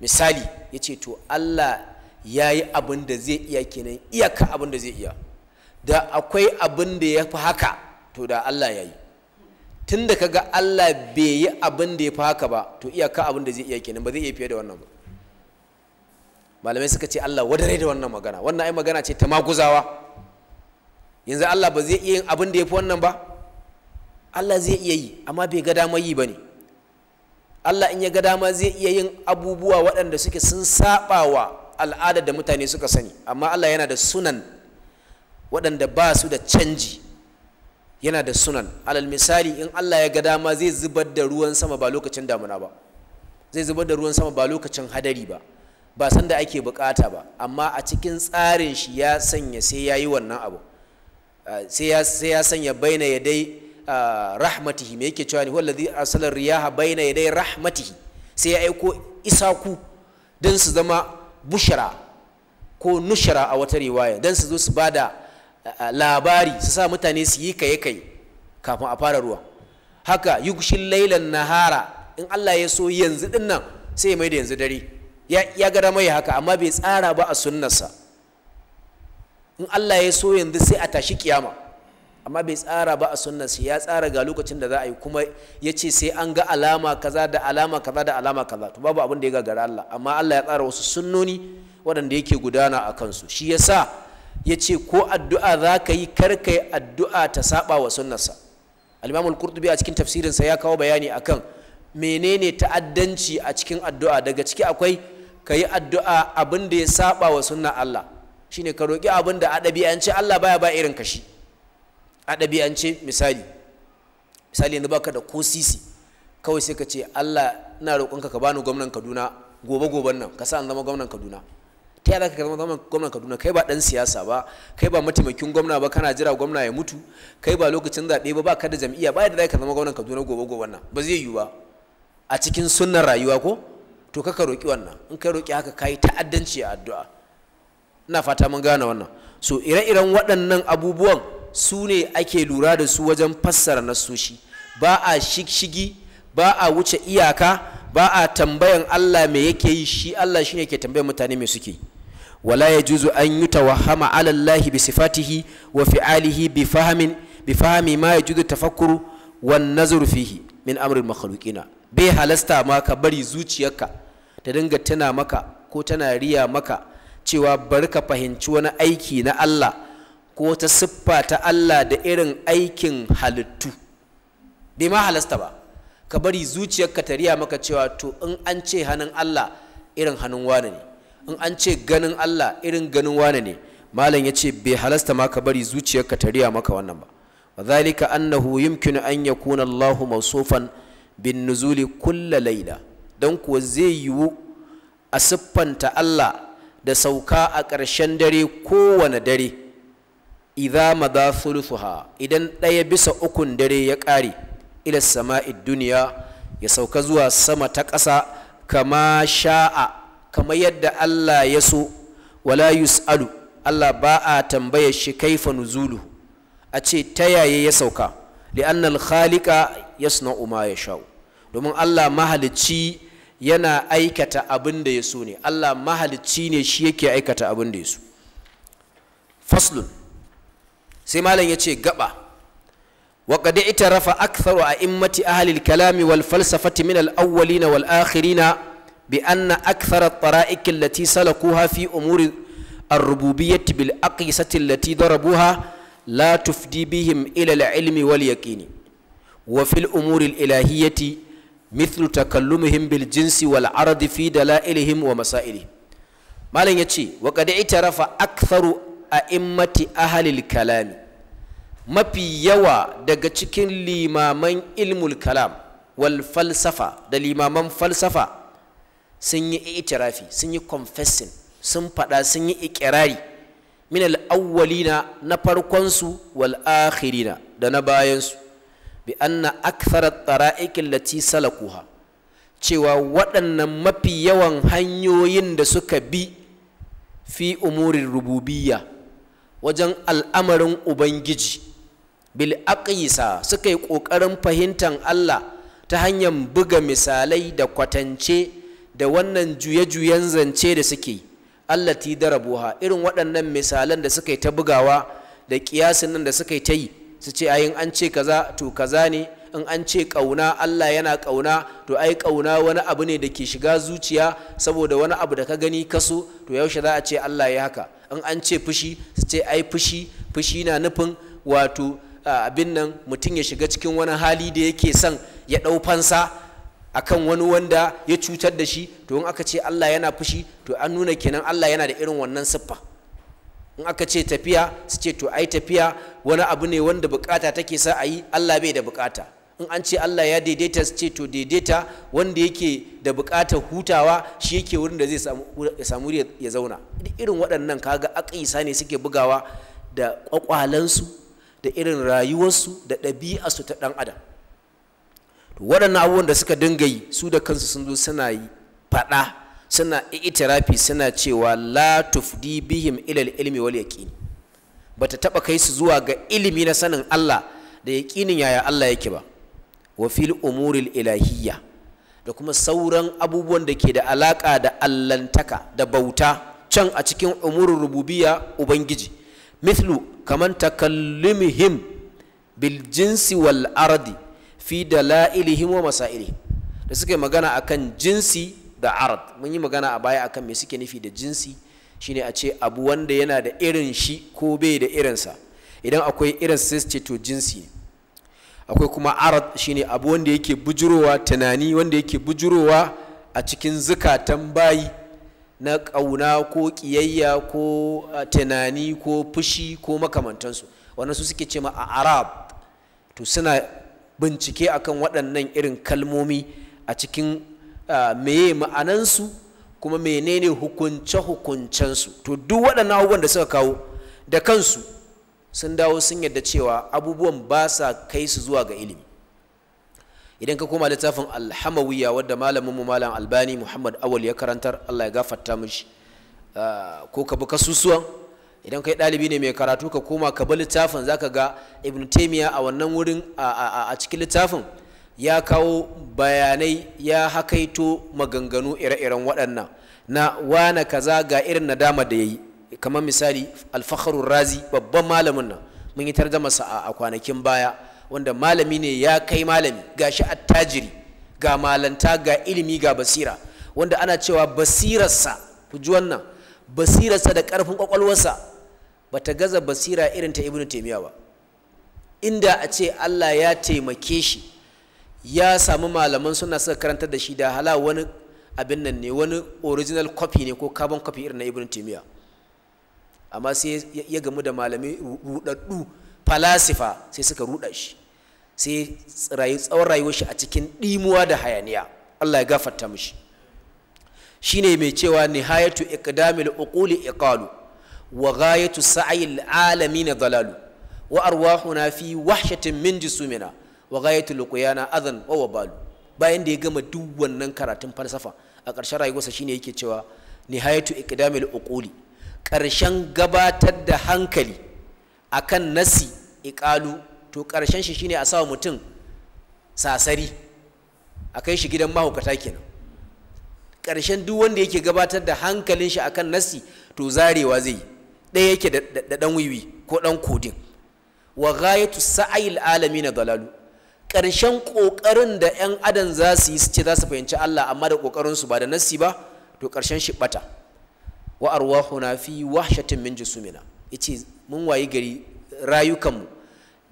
misali yace to Allah ya yi abin da zai iya kenan iyaka abin da zai iya da akwai abin da ya fi haka to da Allah ya yi tun da kaga Allah bai yi abin da ya fi haka ba to iyaka abin da zai iya kenan ba zai iya fiye da wannan ba malamai suka ce Allah wadare da wannan magana wannan ai magana ce ta maguzawa yanzu Allah ba zai iya yin abin da ya fi wannan ba Allah zai iya yi amma bai ga dama yi ba ne Allah in ya ga dama zai iya yin abubuwa waɗanda suke sun saɓa wa al'ada da mutane suka sani amma Allah yana da sunan waɗanda ba su da canji yana da sunan alal misali in Allah ya ga dama zai zubar da ruwan sama ba lokacin damuna ba zai zubar da ruwan sama ba lokacin hadari ba ba san da ake bukata ba amma a cikin tsarin shi ya sanya sai ya yi wannan abu ah, sai ya sanya baina ya dai ah, rahmatihi me yake cewa ni wallazi arsala riyaha baina ya dai rahmatihi sai ya aiko isaku don su zama bushara ko nushara a wata riwaya dan su zo su bada labari su sa mutane su yi kaye kaye kafin a fara ruwa haka yugshin lailan nahara in Allah ya so yanzu din nan sai ya mai da yanzu dare ya gara mai haka amma bai tsara ba a sunnarsa in Allah ya so yanzu sai a tashi kiyama amma bai tsara ba a sunnarsa ya tsara ga lokacin da za a yi kuma ya ce sai an ga alama kaza da alama kaza da alama kaza to babu abin da ya gagara Allah amma Allah ya tsara wasu sunnoni waɗanda yake gudana a kansu shi yasa ya ce ko addu'a za ka yi karka yi addu'a ta saba wa sunnarsa alimamul kurtubi a cikin tafsirinsa ya kawo bayani akan menene ta'addanci a cikin addu'a daga ciki akwai ka yi addu'a abin da ya saba wa sunna Allah shine ka roƙi abin da a ɗabi'ance Allah baya ba irin kashi a ɗabi'ance misali misali yanzu baka da ko sisi kawai sai ka ce Allah ina roƙonka ka bani gwamnan Kaduna gobe goben nan ka sa an zama gwamnan Kaduna ta yaya ka zama gwamnan kaduna kai ba dan siyasa ba kai ba mataimakin gwamna ba kana jira gwamna ya mutu kai ba lokacin zaɓe ba ba ka da jam'iyya ba yadda za ka zama gwamnan kaduna gobe gobe wannan ba zai yiwu ba a cikin sunnan rayuwa ko to ka roƙi wannan in ka roƙi haka ka yi ta'addanci a addu'a ina fata mun gane wannan so ire-iren waɗannan abubuwan su ne ake lura da su wajen fassara nasoshi ba a shigi ba a wuce iyaka ba a tambayan Allah me yake yi shi Allah shine ke tambayan mutane me suke yi wala yajuzu an yi ala allahi bi sifatihi wa fi'alihi bi fahmin bi fahmi ma yajuzu tafakkuru wan nazru fihi min amri bai halasta ma ka bari zuciyarka ta dinga tana maka ko tana riya maka cewa bari ka fahimci wani aiki na Allah ko ta siffa ta Allah da irin aikin halittu bai ma halasta ba ka bari zuciyarka ta riya maka cewa to in an ce hannun Allah irin hannun wane ne in an ce ganin Allah irin ganin wane ne malam ya ce bai halasta ma ka bari zuciyarka ta riya maka wannan ba wa zalika annahu yumkinu an yakuna Allah mawsufan bin nuzuli kulla layla dan kuwa zai yiwu a siffanta Allah da sauka a ƙarshen dare kowane dare idza madha thuluthuha idan ɗaya bisa ukun dare ya ƙare ila sama'id duniya ya sauka zuwa sama ta ƙasa kama sha'a kamar yadda Allah ya so wala yus'alu Allah ba a tambaya shi kaifa nuzulu a ce ta yaya ya sauka li'anna al-khaliqa yasna'u ma yasha domin Allah mahalicci yana aikata abin da ya so ne Allah mahalicci ne shi yake aikata abin da ya so faslun sai malam ya ce gaba ahli al-kalam wal wal min al awwalina wal akhirina bi anna akthara at-tara'iq allati salakuha fi umuri ar-rububiyyah bil aqisati allati darabuha la tufdi bihim ila al-ilmi wal yaqini wa fil umuri al-ilahiyyah mithlu takallumihim jinsi wal ardi fi dalailihim wa masailihim malam yace wa qad itarafa aktharu a'immati ahli al-kalami mafi yawa daga cikin limaman ilmul kalam wal falsafa da limaman falsafa sun yi itirafi sun yi confessing sun faɗa sun yi ikirari min al'awwalina na farkonsu wal akhirina da na bayansu bi anna akthara tara'ikin lati salakuha cewa waɗannan mafi yawan hanyoyin da suka bi fi umurin rububiyya wajen al'amarin ubangiji bil aqisa suka yi ƙoƙarin fahimtar Allah ta hanyar buga misalai da kwatance da wannan juye-juyen zance da suke yi allati darabuha irin waɗannan misalan da suka yi ta bugawa da ƙiyasin nan da suka yi ta yi su ce ayin an ce kaza to kaza ne in an ce ƙauna Allah yana ƙauna to ai ƙauna wani abu ne da ke shiga zuciya saboda wani abu da ka gani kaso to yaushe za a ce Allah ya haka in an ce fushi su ce ai fushi fushi na nufin wato abin nan mutum ya shiga cikin wani hali da yake son ya ɗau fansa akan wani wanda ya cutar da shi to in aka ce Allah yana fushi to an nuna kenan Allah yana da irin wannan siffa in aka ce tafiya su ce to ai tafiya wani abu ne wanda bukata take sa a yi Allah bai da bukata in an ce Allah ya daidaita su ce to daidaita wanda yake da bukatar hutawa shi yake wurin da zai samu ya zauna irin waɗannan kaga aƙisa ne suke bugawa da ƙwaƙwalansu da irin rayuwarsu da ɗabi'arsu ta ɗan adam waɗannan abubuwan da suka dinga yi su da kansu sun zo suna faɗa suna itirafi suna cewa la tufdi bihim ilal ilmi wal yaqin bata taba kai su zuwa ga ilimi na sanin Allah da yaqinin yaya Allah yake ba wa fil umuril ilahiyya da kuma sauran abubuwan da ke da alaka da allantaka da bauta can a cikin umurin rububiyya ubangiji mithlu kaman takallimihim bil jinsi wal ardi fi da la'ilihin wa masa'ili da suka yi magana akan jinsi da arad mun yi magana a baya akan me suke nufi da jinsi shine a ce abu wanda yana da irin shi ko bai da irinsa idan akwai irin sai su ce to jinsi akwai kuma arad shine abu wanda yake bujurowa tunani wanda yake bujurowa a cikin zukatan bayi na ƙauna ko ƙiyayya ko tunani ko fushi ko makamantansu wannan su suke ce ma a arab to suna bincike akan waɗannan irin kalmomi a cikin meye ma'anansu kuma menene hukunce-hukuncensu to duk waɗannan abubuwan da suka kawo da kansu sun dawo sun yadda cewa abubuwan ba sa kai su zuwa ga ilimi idan ka koma littafin alhamawiya wadda malamin mu malam albani muhammad awal ya karantar allah ya gafarta mishi ko ka bi kasusuwan idan kai ɗalibi ne mai karatu ka koma ka bi littafin ka ga ibn taimiya a wannan wurin a cikin littafin ya kawo bayanai ya hakaito maganganu ire-iren waɗannan na wane kaza ga irin nadama da ya yi kamar misali alfaharun razi babban malamin nan mun yi tarjamasa a kwanakin baya wanda malami ne ya kai malami ga shi attajiri ga malanta ga ilimi ga basira wanda ana cewa basirarsa ku ji wannan basirarsa da ƙarfin ƙwaƙwalwarsa bata gaza basira irin ta ibnu taymiya ba inda a ce Allah ya taimake shi ya samu malaman suna suka karantar da shi da hala wani abin nan ne wani original copy ne ko carbon copy irin na ibnu taymiya amma sai ya gamu da malamai rudaddu falasifa sai suka ruda shi sai tsawon rayuwar shi a cikin dimuwa da hayaniya Allah ya gafarta mishi shine mai cewa nihayatu iqdamil uquli iqalu wa ghayatu sa'il na dalalu wa arwahuna fi wahshatin min jisumina wa ghayatu luqyana adhan wa wabalu bayan da ya gama duk wannan karatun falsafa a ƙarshen rayuwarsa shine yake cewa nihayatu iqdamil uquli ƙarshen gabatar da hankali akan nasi iqalu to ƙarshen shi shine a sawa mutum sasari a kai shi gidan mahaukata kenan ƙarshen duk wanda yake gabatar da hankalin shi akan nasi to zarewa zai yi ɗaya yake da ɗan wiwi ko ɗan kodin wa ghayatu sa'ayil alami na dalalu ƙarshen ƙoƙarin da 'yan adam za su yi su ce za su fahimci Allah amma da su ba da nassi ba to ƙarshen shi ɓata wa na fi wahshatin min jusumina yace mun wayi gari rayukanmu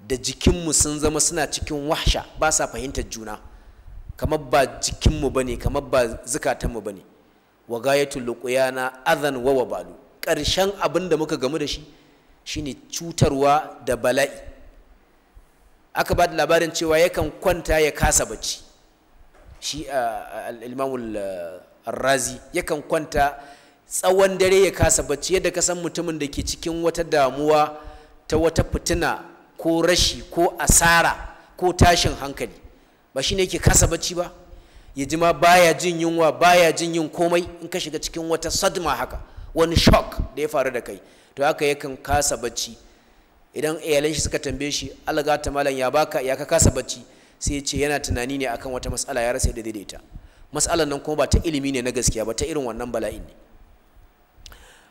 da jikinmu sun zama suna cikin wahsha ba sa fahimtar juna kamar ba jikinmu ba ne kamar ba zukatanmu ba ne wa gayatul luqyana adhan wa wabalu ƙarshen abin da muka gamu da shi shine cutarwa da bala'i aka ba da labarin cewa yakan kwanta ya kasa bacci shi al'imamul razi yakan kwanta tsawon dare ya kasa bacci yadda ka san mutumin da ke cikin wata damuwa ta wata fitina ko rashi ko asara ko tashin hankali ba shi ne ke kasa bacci ba ya ji ma baya jin yunwa baya jin yin komai in ka shiga cikin wata sadma haka wani shock da ya faru da kai to haka yakan kasa bacci idan iyalan shi suka tambaye shi alga ta malam ya baka ya ka kasa bacci sai ya ce yana tunani ne akan wata mas'ala ya rasa da daidaita mas'alan nan kuma ba ta ilimi ne na gaskiya ba ta irin wannan bala'in ne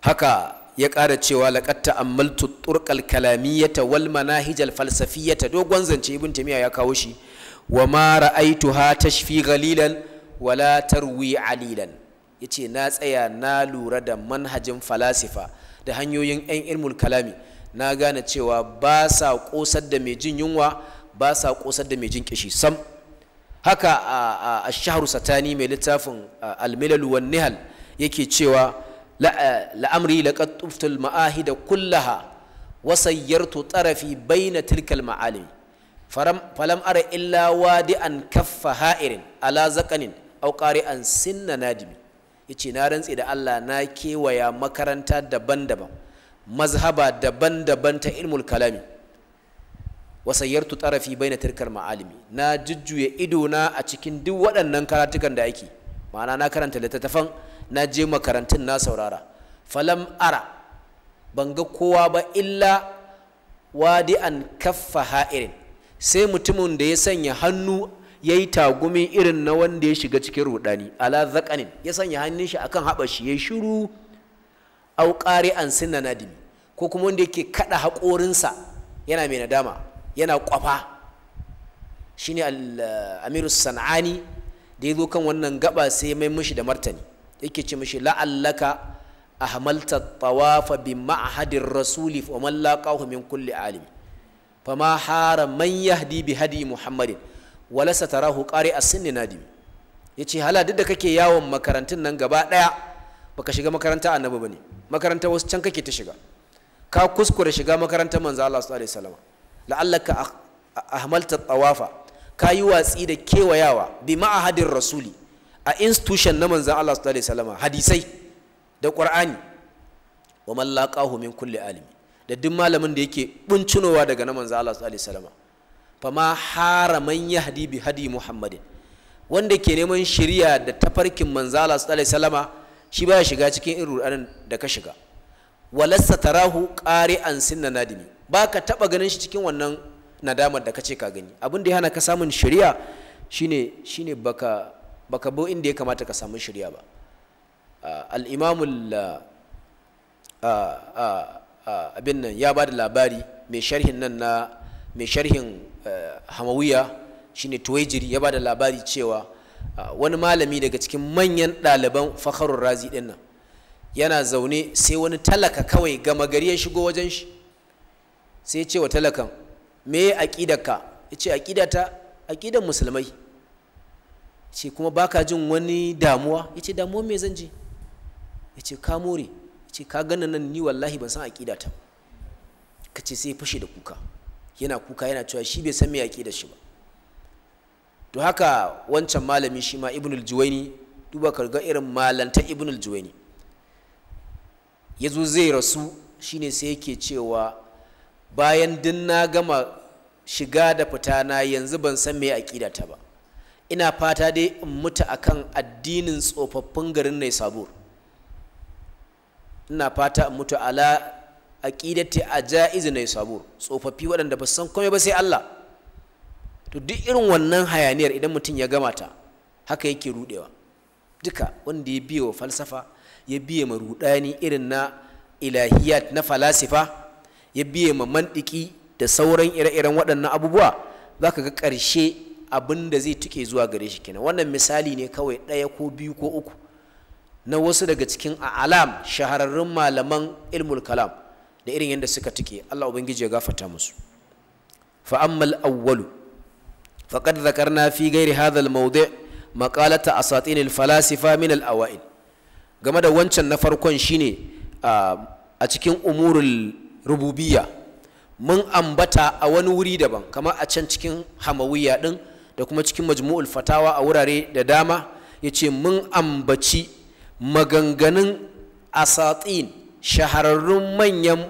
haka ya kara cewa laqad ta'ammaltu turqal kalamiyata wal manahijal falsafiyata dogon zance ibn tamiya ya kawo shi wa ma ra'aytuha tashfi ghalilan wala tarwi alilan ya ce na tsaya na lura da manhajin falasifa da hanyoyin 'yan ilmul kalami na gane cewa ba sa ƙosar da mai jin yunwa ba sa ƙosar da mai jin kishi sam haka a shaharu satani mai littafin almilal wan nihal yake cewa la'amri laqad tuftul ma'ahida kullaha wa sayyartu tarafi baina tilkal ma'alim falam ara illa wadi'an kaffa ha'irin ala zaqanin aw qari'an sinna nadimi ya ce na rantse da Allah na kewaya makaranta daban-daban mazhaba daban-daban ta ilmul kalami wasayyartu tarafi bai na tirkar ma'alimi na jujjuya idona a cikin duk waɗannan karatukan da ake ma'ana na karanta littattafan na je makarantun na saurara falam ara ban ga kowa ba illa wadi an kaffa ha'irin sai mutumin da ya sanya hannu ya yi tagumi irin na wanda ya shiga cikin rudani ala zakanin ya sanya hannun shi akan haɓa shi ya shiru au ƙari an sinna nadimi ko kuma wanda yake kaɗa haƙorinsa yana mai nadama yana ƙwafa shine eh, amiru san'ani da ya zo kan wannan gaba sai mai mishi da martani yake ce mishi la'allaka ahmalta tawafa bi ma'hadin rasuli fa man laqahu min kulli alim ma hara man yahdi bi hadi muhammadin wala satarahu qari as-sinni ya yace hala duk da kake yawon makarantun nan gaba daya baka shiga makaranta annabi ne makaranta wasu can kake ta shiga ka kuskure shiga makarantar manzo Allah sallallahu alaihi wasallam la'allaka ahmalta tawafa ka yi watsi da kewayawa bi ma'ahadin rasuli a institution na manzan Allah sallallahu alaihi wasallam hadisai da qur'ani wa man laqahu min kulli alimi da duk malamin da yake buncinowa daga na manzan Allah sallallahu alaihi wasallam fama haraman yahdi bi hadi muhammadin wanda ke neman shari'a da tafarkin manzala sallallahu alaihi wasallama shi baya shiga cikin irin rudanin da ka shiga walassa tarahu an sinna nadimi ba ka taɓa ganin shi cikin wannan nadamar da ka ce ka gani abin da ya hana ka samun shari'a shine shine baka baka bo inda ya kamata ka samu shari'a ba al abin nan ya ba da labari mai sharhin nan na mai sharhin Eh, hamawiya shine Tuwejiri ya ba da labari cewa ah, wani malami daga cikin manyan ɗaliban fakharun razi ɗin nan yana zaune sai wani talaka kawai gama gari ya shigo wajen shi sai ya ce wa talakan me ya aƙidarka ya ce aƙidata aƙidan musulmai ce kuma baka jin wani damuwa ya ce damuwa me zan ji ya ce ka more ya ce ka gana nan ni wallahi ban san aƙidata ka ce sai ya fashe da kuka yana kuka yana cewa shi bai san me yake da shi ba to haka wancan malami shi ma al juwaini duba karga irin malantar ibn juwaini yazo zai rasu shine sai yake cewa bayan din na gama shiga da fita na yanzu ban san me aƙida ta ba ina fata dai in mutu akan addinin tsofaffin garin ne sabur ina fata in mutu ala aqidati ajaiz ne sabur tsofaffi waɗanda ba san komai ba sai Allah to duk irin wannan hayaniyar idan mutum ya gama ta haka yake rudewa duka wanda ya biye wa falsafa ya biye ma rudani irin na ilahiyat na falasifa ya biye ma mantiki da sauran ire-iren waɗannan abubuwa zaka ga ƙarshe abin da zai tuke zuwa gare shi kenan wannan misali ne kawai ɗaya ko biyu ko uku na wasu daga cikin alam shahararrun malaman ilmul kalam da irin yadda suka tike Allah ubangiji ya gafarta musu fa ammal awwalu faqad dhakarna fi ghairi hadha al mawdi' maqalat asatin al falasifa min al awail game da wancan na farkon shine a cikin umurul rububiyya mun ambata a wani wuri daban kamar a can cikin hamawiyya din da kuma cikin majmu'ul fatawa a wurare da dama yace mun ambaci maganganun asatin shahararrun manyan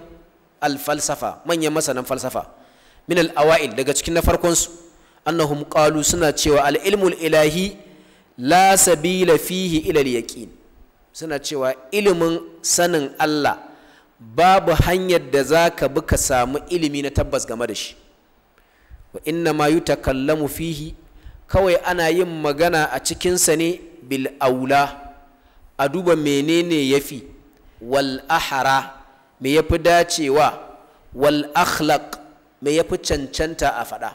alfalsafa manyan masanan falsafa min al-awa'il daga cikin na farkon su annahum qalu suna cewa al-ilmu ilahi la sabila fihi ila al-yaqin suna cewa ilimin sanin Allah babu hanyar da zaka bi ka samu ilimi na tabbas game da shi wa inna ma yutakallamu fihi kawai ana yin magana a cikin sa ne bil aula a duba menene yafi wal ahara me fi dacewa wal akhlaq me fi cancanta a faɗa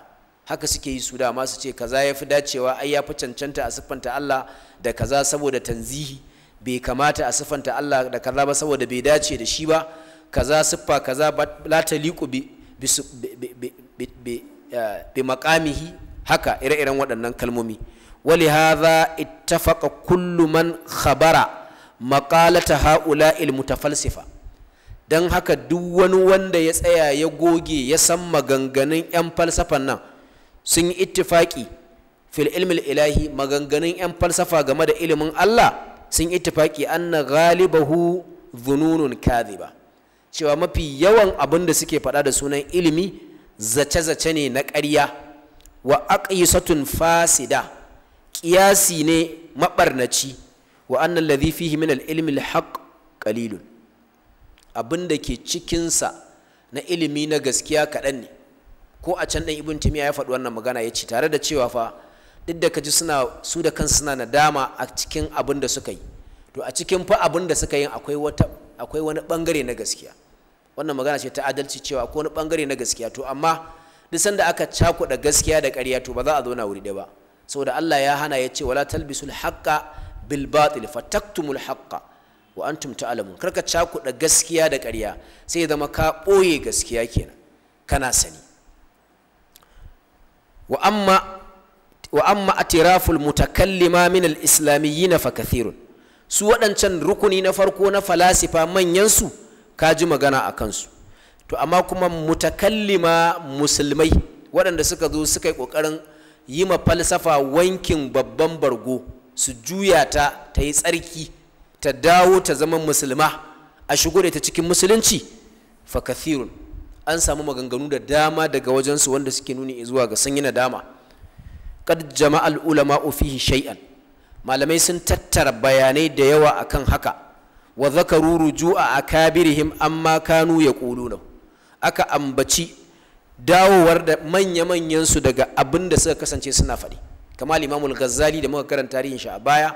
haka suke yi su dama su ce kaza ya fi dacewa ai fi cancanta a siffanta Allah da kaza saboda tanzihi bai kamata a siffanta Allah da kaza ba saboda bai dace da shi ba kaza siffa kaza la taliqu bi eh, bi maqamihi haka ire-iren waɗannan kalmomi hadha ittafaqa kullu man khabara maƙalata ta mutafalsifa don haka duk wani wanda ya tsaya ya goge ya san maganganun 'yan falsafan nan sun yi ittifaƙi fil ilmil ilahi maganganun 'yan falsafa game da ilimin Allah sun ittifaƙi anna ghalibahu dhununun kadhiba cewa mafi yawan abin da suke faɗa da sunan ilimi zace-zace ne na ƙarya wa aqyisatun fasida ƙiyasi ne maɓarnaci wa annal ladhi fihi min al-ilmi al abin da ke cikinsa na ilimi na gaskiya kaɗan ne ko a can ɗan ibn timiya ya faɗi wannan magana ya ce tare da cewa fa duk da kaji suna su da kansu suna nadama a cikin abin da suka yi to a cikin fa abin da suka yi akwai wata akwai wani bangare na gaskiya wannan magana ce ta adalci cewa ko wani bangare na gaskiya to amma duk sanda aka cakuɗa gaskiya da ƙarya to ba za a zo na wuri ɗaya ba saboda Allah ya hana ya ce wala talbisul haqqa bil batil fataktumul haqqa wa antum ta'lamun karka cakuɗa gaskiya da ƙarya sai zama ka ɓoye gaskiya kenan kana sani wa amma wa amma atiraful mutakallima min al islamiyyin fa kathirun su waɗancan rukuni na farko na falasifa manyan su ka ji magana a kansu to amma kuma mutakallima musulmai waɗanda suka zo suka yi ƙoƙarin yi ma falsafa wankin babban bargo su juya ta ta yi tsarki ta dawo ta zama musulma a shigo da ta cikin musulunci fa kathirun an samu maganganu da dama daga wajensu wanda suke nuni zuwa ga sun yi nadama qad jama'al ulama fihi shay'an malamai sun tattara bayanai da yawa akan haka wa zakaru ruju'a akabirihim amma kanu yaquluna aka ambaci dawowar da manya-manyansu daga abin da suka kasance suna faɗi kamar imamul gazzali da muka karanta tarihin shi a baya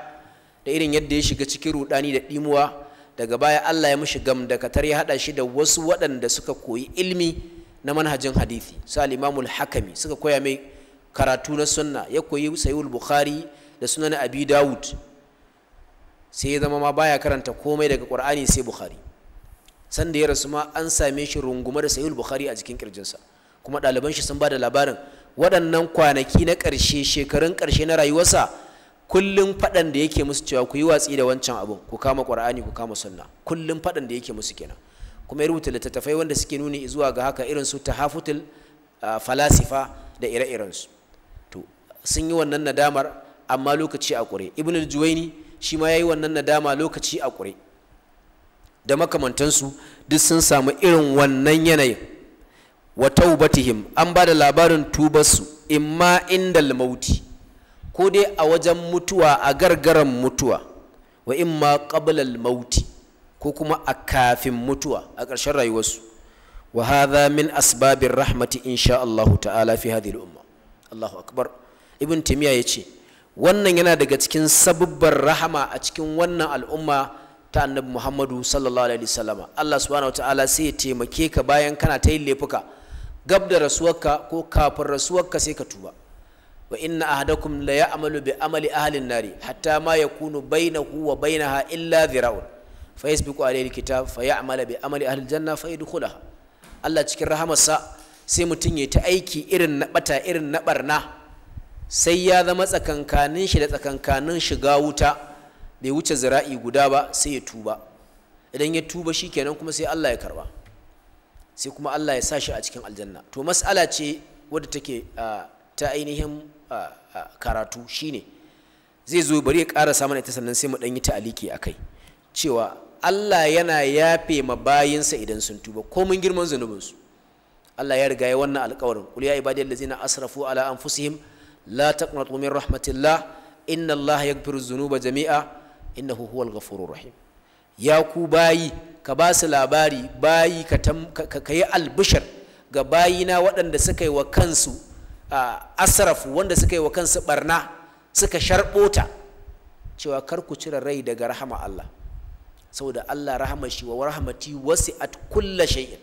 da irin yadda ya shiga cikin rudani da dimuwa daga baya Allah ya mishi gamdakatar ya hada shi da wasu waɗanda suka koyi ilmi na manhajin hadithi su al-imamul hakami suka koya mai karatu na sunna ya koyi sayul bukhari da sunan abi dawud sai ya zama ma baya karanta komai daga qur'ani sai bukhari sanda ya rasu ma an same shi rungume da sayul bukhari a jikin kirjinsa kuma ɗaliban shi sun ba da labarin waɗannan kwanaki na ƙarshe shekarun ƙarshe na rayuwarsa kullum faɗan da yake musu cewa ku yi watsi da wancan abun ku kama ƙwar'ani ku kama sunna kullum faɗan da yake musu kenan kuma ya rubuta littattafai wanda suke nuni zuwa ga haka irin su tahafutul falasifa da ire-irensu to sun yi wannan nadamar amma lokaci a ƙure ibn juwaini shi ma yi wannan nadama lokaci a ƙure da makamantansu duk sun samu irin wannan yanayin wa taubatihim an ba da labarin tubarsu imma inda mauti ko dai a wajen mutuwa a gargaran mutuwa wa imma qablal mauti ko kuma a kafin mutuwa a ƙarshen rayuwarsu wa hadha min asbabin rahmati insha Allah ta'ala fi hadhihi umma Allahu akbar ibn timiya yace wannan yana daga cikin sabubbar rahama a cikin wannan al'umma ta annabi Muhammadu sallallahu alaihi wasallama Allah subhanahu wa ta'ala sai ya taimake ka bayan kana ta yin laifuka gab da rasuwarka ko kafin rasuwarka sai ka tuba wa inna ahadakum la ya'malu bi amali ahli nari hatta ma yakunu bainahu wa bainaha illa dhira'un fa yasbiqu alayhi alkitab fa ya'malu bi amali ahli janna fa yadkhulaha Allah cikin rahamarsa sai mutum ya ta aiki irin na bata irin na barna sai ya zama tsakankanin shi da tsakankanin shiga wuta bai wuce zira'i guda ba sai ya tuba idan ya tuba shikenan kuma sai Allah ya karba sai kuma Allah ya sa shi a cikin aljanna to mas'ala ce wadda take ta ainihin karatu shine zai zo bari ya karasa mana ita sannan sai mu ɗan yi ta'aliki a kai cewa Allah yana yafe ma bayinsa idan sun tuba ko mun girman zunubinsu Allah ya riga ya wannan alƙawarin qul ya ibadiyal ladzina asrafu ala anfusihim la taqnatu min rahmatillah inna Allah yaghfiru dhunuba jami'a innahu huwal ghafurur rahim ya ku bayi ka ba su labari bayi ka yi albishar ga bayina waɗanda suka yi wa kansu asrafu wanda suka yi wa kansu barna suka sharɓota cewa kar ku cire rai daga rahama Allah saboda Allah rahama shi wa wasu wasi'at kulla shay'in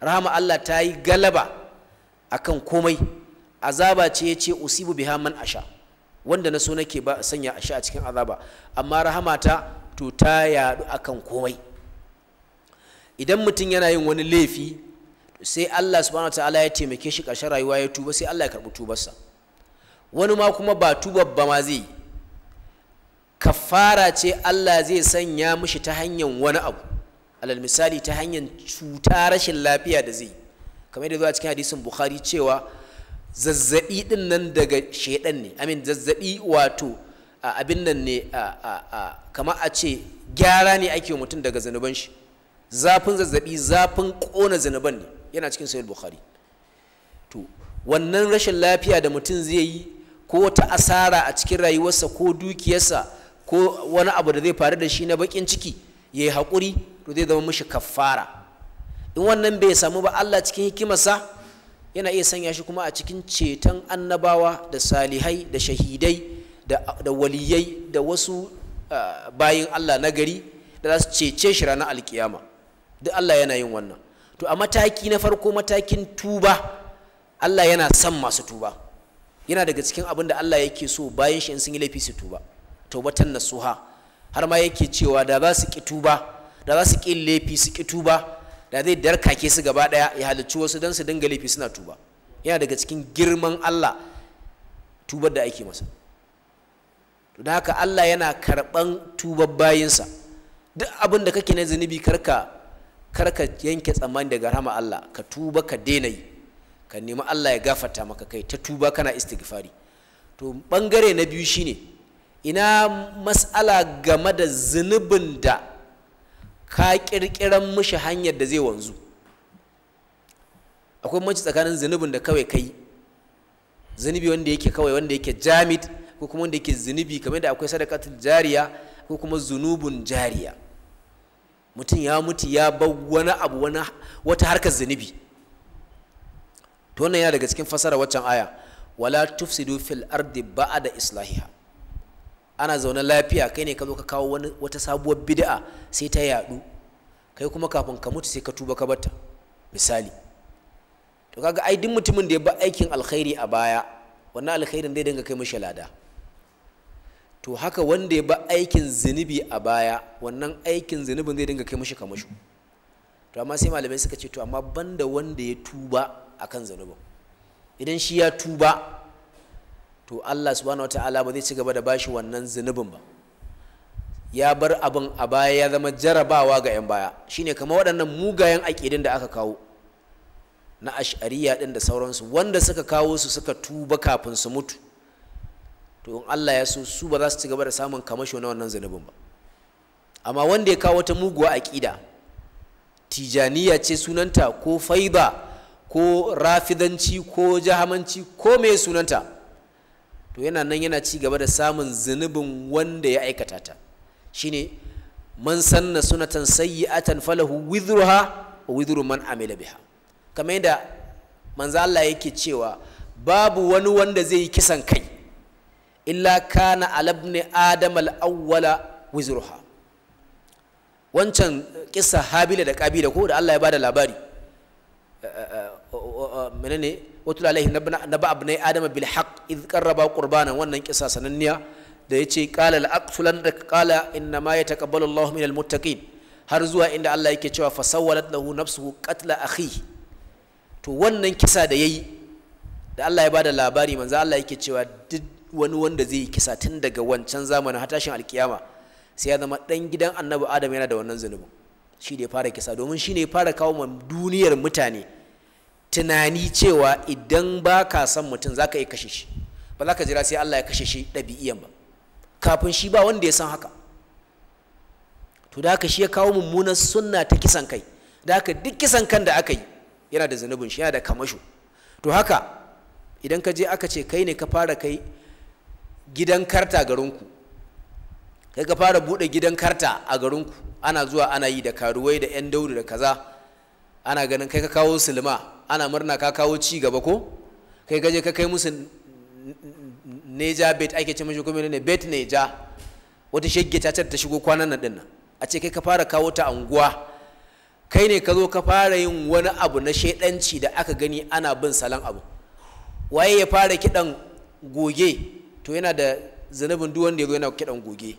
rahama Allah ta yi galaba akan komai azaba ce ya ce usibu biha man asha wanda na so nake ba sanya asha a cikin azaba amma rahama ta to ta yaɗu akan komai idan mutum yana yin wani laifi sai Allah subhanahu ta'ala ya taimake shi ƙarshen rayuwa ya tuba sai Allah ya karɓi tubarsa wani ma kuma ba tuba ba ma zai kafara ce Allah zai sanya mishi ta hanyar wani abu alal misali ta hanyar cuta rashin lafiya da zai kamar yadda zuwa cikin hadisin bukhari cewa zazzabi din nan daga shedan ne amin zazzabi wato abin nan ne kamar a ce gyara ne ake mutum daga zanuban shi zafin zazzabi zafin ƙona zanuban ne yana cikin sahih bukhari to wannan rashin lafiya da mutum zai yi ko wata asara a cikin rayuwarsa ko dukiyarsa ko wani abu da zai faru da shi na bakin ciki ya yi haƙuri to zai zama mishi kaffara in wannan bai samu ba Allah cikin hikimarsa yana iya sanya shi kuma a cikin ceton annabawa da salihai da shahidai da waliyai da wasu ah, bayin Allah nagari da za su cece shi ranar alkiyama duk Allah yana yin wannan to a mataki na farko matakin tuba Allah yana son masu tuba yana daga cikin abin da Allah yake so bayan shi in sun yi laifi su tuba taubatan nasuha har ma yake cewa da za su ki tuba da za su ki laifi su ki tuba da zai darkake su gaba daya ya halicci wasu don su dinga laifi suna tuba yana daga cikin girman Allah tubar da ake masa to don haka Allah yana karban tubar bayinsa duk abin da kake na zunubi karka kar ka yanke tsammani daga rahama Allah ka tuba ka daina yi ka nemi Allah ya gafata maka kai ta tuba kana istighfari to bangare na biyu shine ina mas'ala game da zunubin da ka kirkiran mishi hanyar da zai wanzu akwai mace tsakanin zunubin da kawai kai zunubi wanda yake kawai wanda yake jamid ko kuma wanda yake zunubi kamar da akwai sadakatul jariya ko kuma zunubun jariya mutum ya mutu ya bar wani abu wani wata harkar zunubi to wannan yana daga cikin fasara waccan aya wala tufsidu fil ardi da islahiha ana zaune lafiya kai ne ka zo ka kawo wani wata sabuwar bida'a sai ta yadu kai kuma kafin ka mutu sai ka tuba ka bata misali to kaga ai duk mutumin da ya ba aikin alkhairi a baya wannan alkhairin zai dinga kai mishi lada to haka wanda ya ba aikin zunubi a baya wannan aikin zunubin zai dinga kai mashi kamashu to amma sai malamai suka ce to amma banda wanda ya tuba akan zunubin idan shi ya tuba to Allah subhanahu wataala ba zai ci gaba da bashi wannan zunubin ba ya bar abin a baya ya zama jarabawa ga 'yan baya shine kamar waɗannan mugayen aƙidin da aka kawo na ash'ariya ɗin da sauransu wanda suka kawo su suka tuba kafin su mutu to in Allah ya so su ba za su ci gaba da samun kamasho na wannan zanubin ba amma wanda ya kawo wata muguwa aƙida tijaniya ce sunanta ko faiba ko rafidanci ko jahamanci ko me sunanta to yana nan yana ci gaba da samun zunubin wanda ya aikata ta shine man sanna sunatan sayyi'atan falahu wizruha wa wizru man amila biha kamar yadda manzo Allah yake cewa babu wani wanda zai yi kisan kai illa kana alabni adam al'awwala wizruha wancan kisa habila da kabila ko da Allah ya bada labari menene watul alaihi naba abnai adam bil haqq id qarraba qurbanan wannan kisa sananniya da yace qala al aqtulan da qala inna ma yataqabbalu Allahu minal muttaqin har zuwa inda Allah yake cewa fasawwalat lahu nafsuhu qatla akhihi to wannan kisa da yayi da Allah ya bada labari manzo Allah yake cewa duk wani wanda zai kisa tun daga wancan zamanin hatashin alkiyama sai ya zama dan gidan annabi adam yana da wannan zunubin shi ne ya fara kisa domin shi ne fara kawo ma duniyar mutane tunani cewa idan ba ka son mutum za ka yi kashe shi ba za ka jira sai Allah ya kashe shi ɗabi'iyan ba kafin shi ba wanda ya san haka to da haka shi ya kawo mummunan sunna ta kisan kai da haka duk kisan kan da aka yi yana da zunubin shi yana da kamasho to haka idan ka je aka ce kai ne ka fara kai gidan karta garinku kai ka fara buɗe gidan karta a garinku ana zuwa ana yi da karuwai da 'yan daudu da kaza ana ganin kai ka kawo silma ana murna ka kawo ci gaba ko kai gaje ka kai musu neja bet ake ce mashi kuma ne bet neja wata shagge ta ta shigo kwanan nan dinnan a ce kai ka fara kawo ta anguwa kai ne ka zo ka fara yin wani abu na shaidanci da aka gani ana bin salon abu waye ya fara kiɗan goge to yana da zunubin duk wanda ya yana kiɗan goge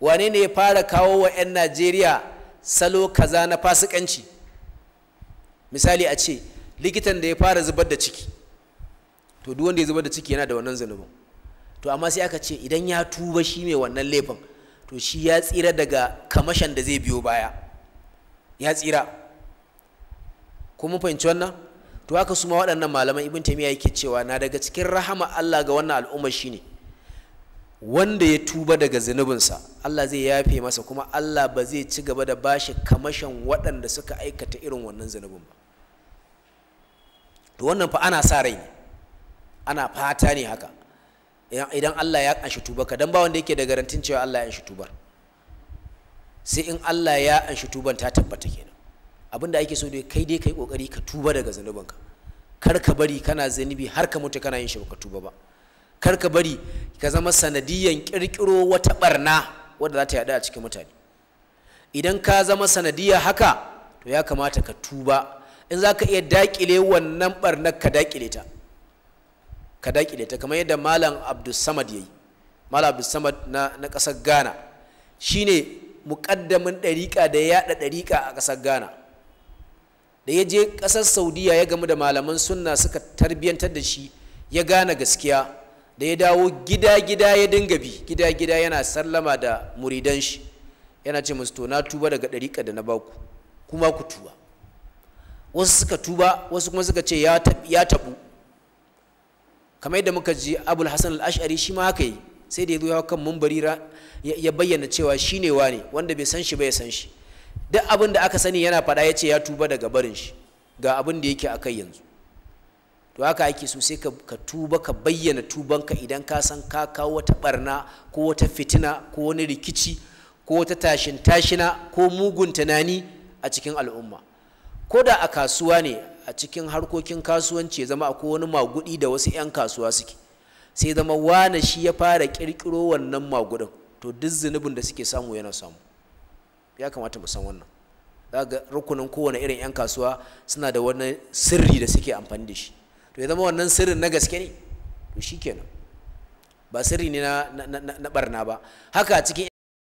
wane ne ya fara kawo wa 'yan najeriya salo kaza na fasikanci misali a ce likitan da ya fara zubar da ciki to duk wanda ya zubar da ciki yana da wannan zanubin to amma sai aka ce idan ya tuba shi mai wannan laifin to shi ya tsira daga kamashan da zai biyo baya ya tsira kuma fahimci wannan to haka su ma waɗannan malaman ibn taymiya yake cewa na daga cikin rahama Allah ga wannan al'umma shine wanda ya tuba daga zunubinsa Allah zai yafe masa kuma Allah ba zai ci gaba da bashi kamashin waɗanda suka aikata irin wannan zunubin ba to wannan fa ana sa rai ne ana fata ne haka idan Allah ya anshi tuba ka dan ba wanda yake da garantin cewa Allah ya anshi tubar sai in Allah ya anshi tuban ta tabbata kenan abin da ake so ne kai dai kai kokari ka tuba daga zanubanka kar ka bari kana zanubi har ka mutu kana yin shi ka tuba ba kar ka bari ka zama sanadiyan kirkiro wata barna wadda za ta yada a cikin mutane idan ka zama sanadiyar haka to ya kamata ka tuba in za ka iya dakile wannan barnar ka dakile ta ka dakile ta kamar yadda malam abdulsamad ya yi malam abdulsamad na, na ƙasar ghana shine muƙaddamin ɗariƙa da ya yaɗa ɗariƙa a ƙasar ghana da ya je kasar saudiya ya gamu da malaman sunna suka tarbiyyantar da shi ya gane gaskiya da ya dawo gida-gida ya dinga bi gida-gida yana sallama da muridan shi yana ce musu to na tuba daga ɗariƙa da na baku kuma ku tuba wasu suka tuba wasu kuma suka ce ya taɓu kamar yadda muka ji abul hasan al-ash'ari shi ma haka yi sai da ya zo ya kan mumbari ya bayyana cewa shi ne wane wanda bai san shi ba ya san shi duk abin da aka sani yana faɗa ya ce ya tuba daga barin shi ga abin da yake kai yanzu to haka ake so sai ka tuba ka bayyana tubanka idan ka san ka kawo wata barna ko wata fitina ko wani rikici ko wata tashin tashina ko mugun tunani a cikin al'umma ko da a kasuwa ne a cikin harkokin kasuwanci ya zama akwai wani magudi da wasu 'yan kasuwa suke sai zama wane shi ya fara kirkiro wannan magudin to duk zunubin da suke samu yana samu ya kamata mu san wannan ga rukunin kowane irin 'yan kasuwa suna da wani sirri da suke amfani da shi to ya zama wannan sirrin na gaske ne to shi kenan ba sirri ne na barna ba haka cikin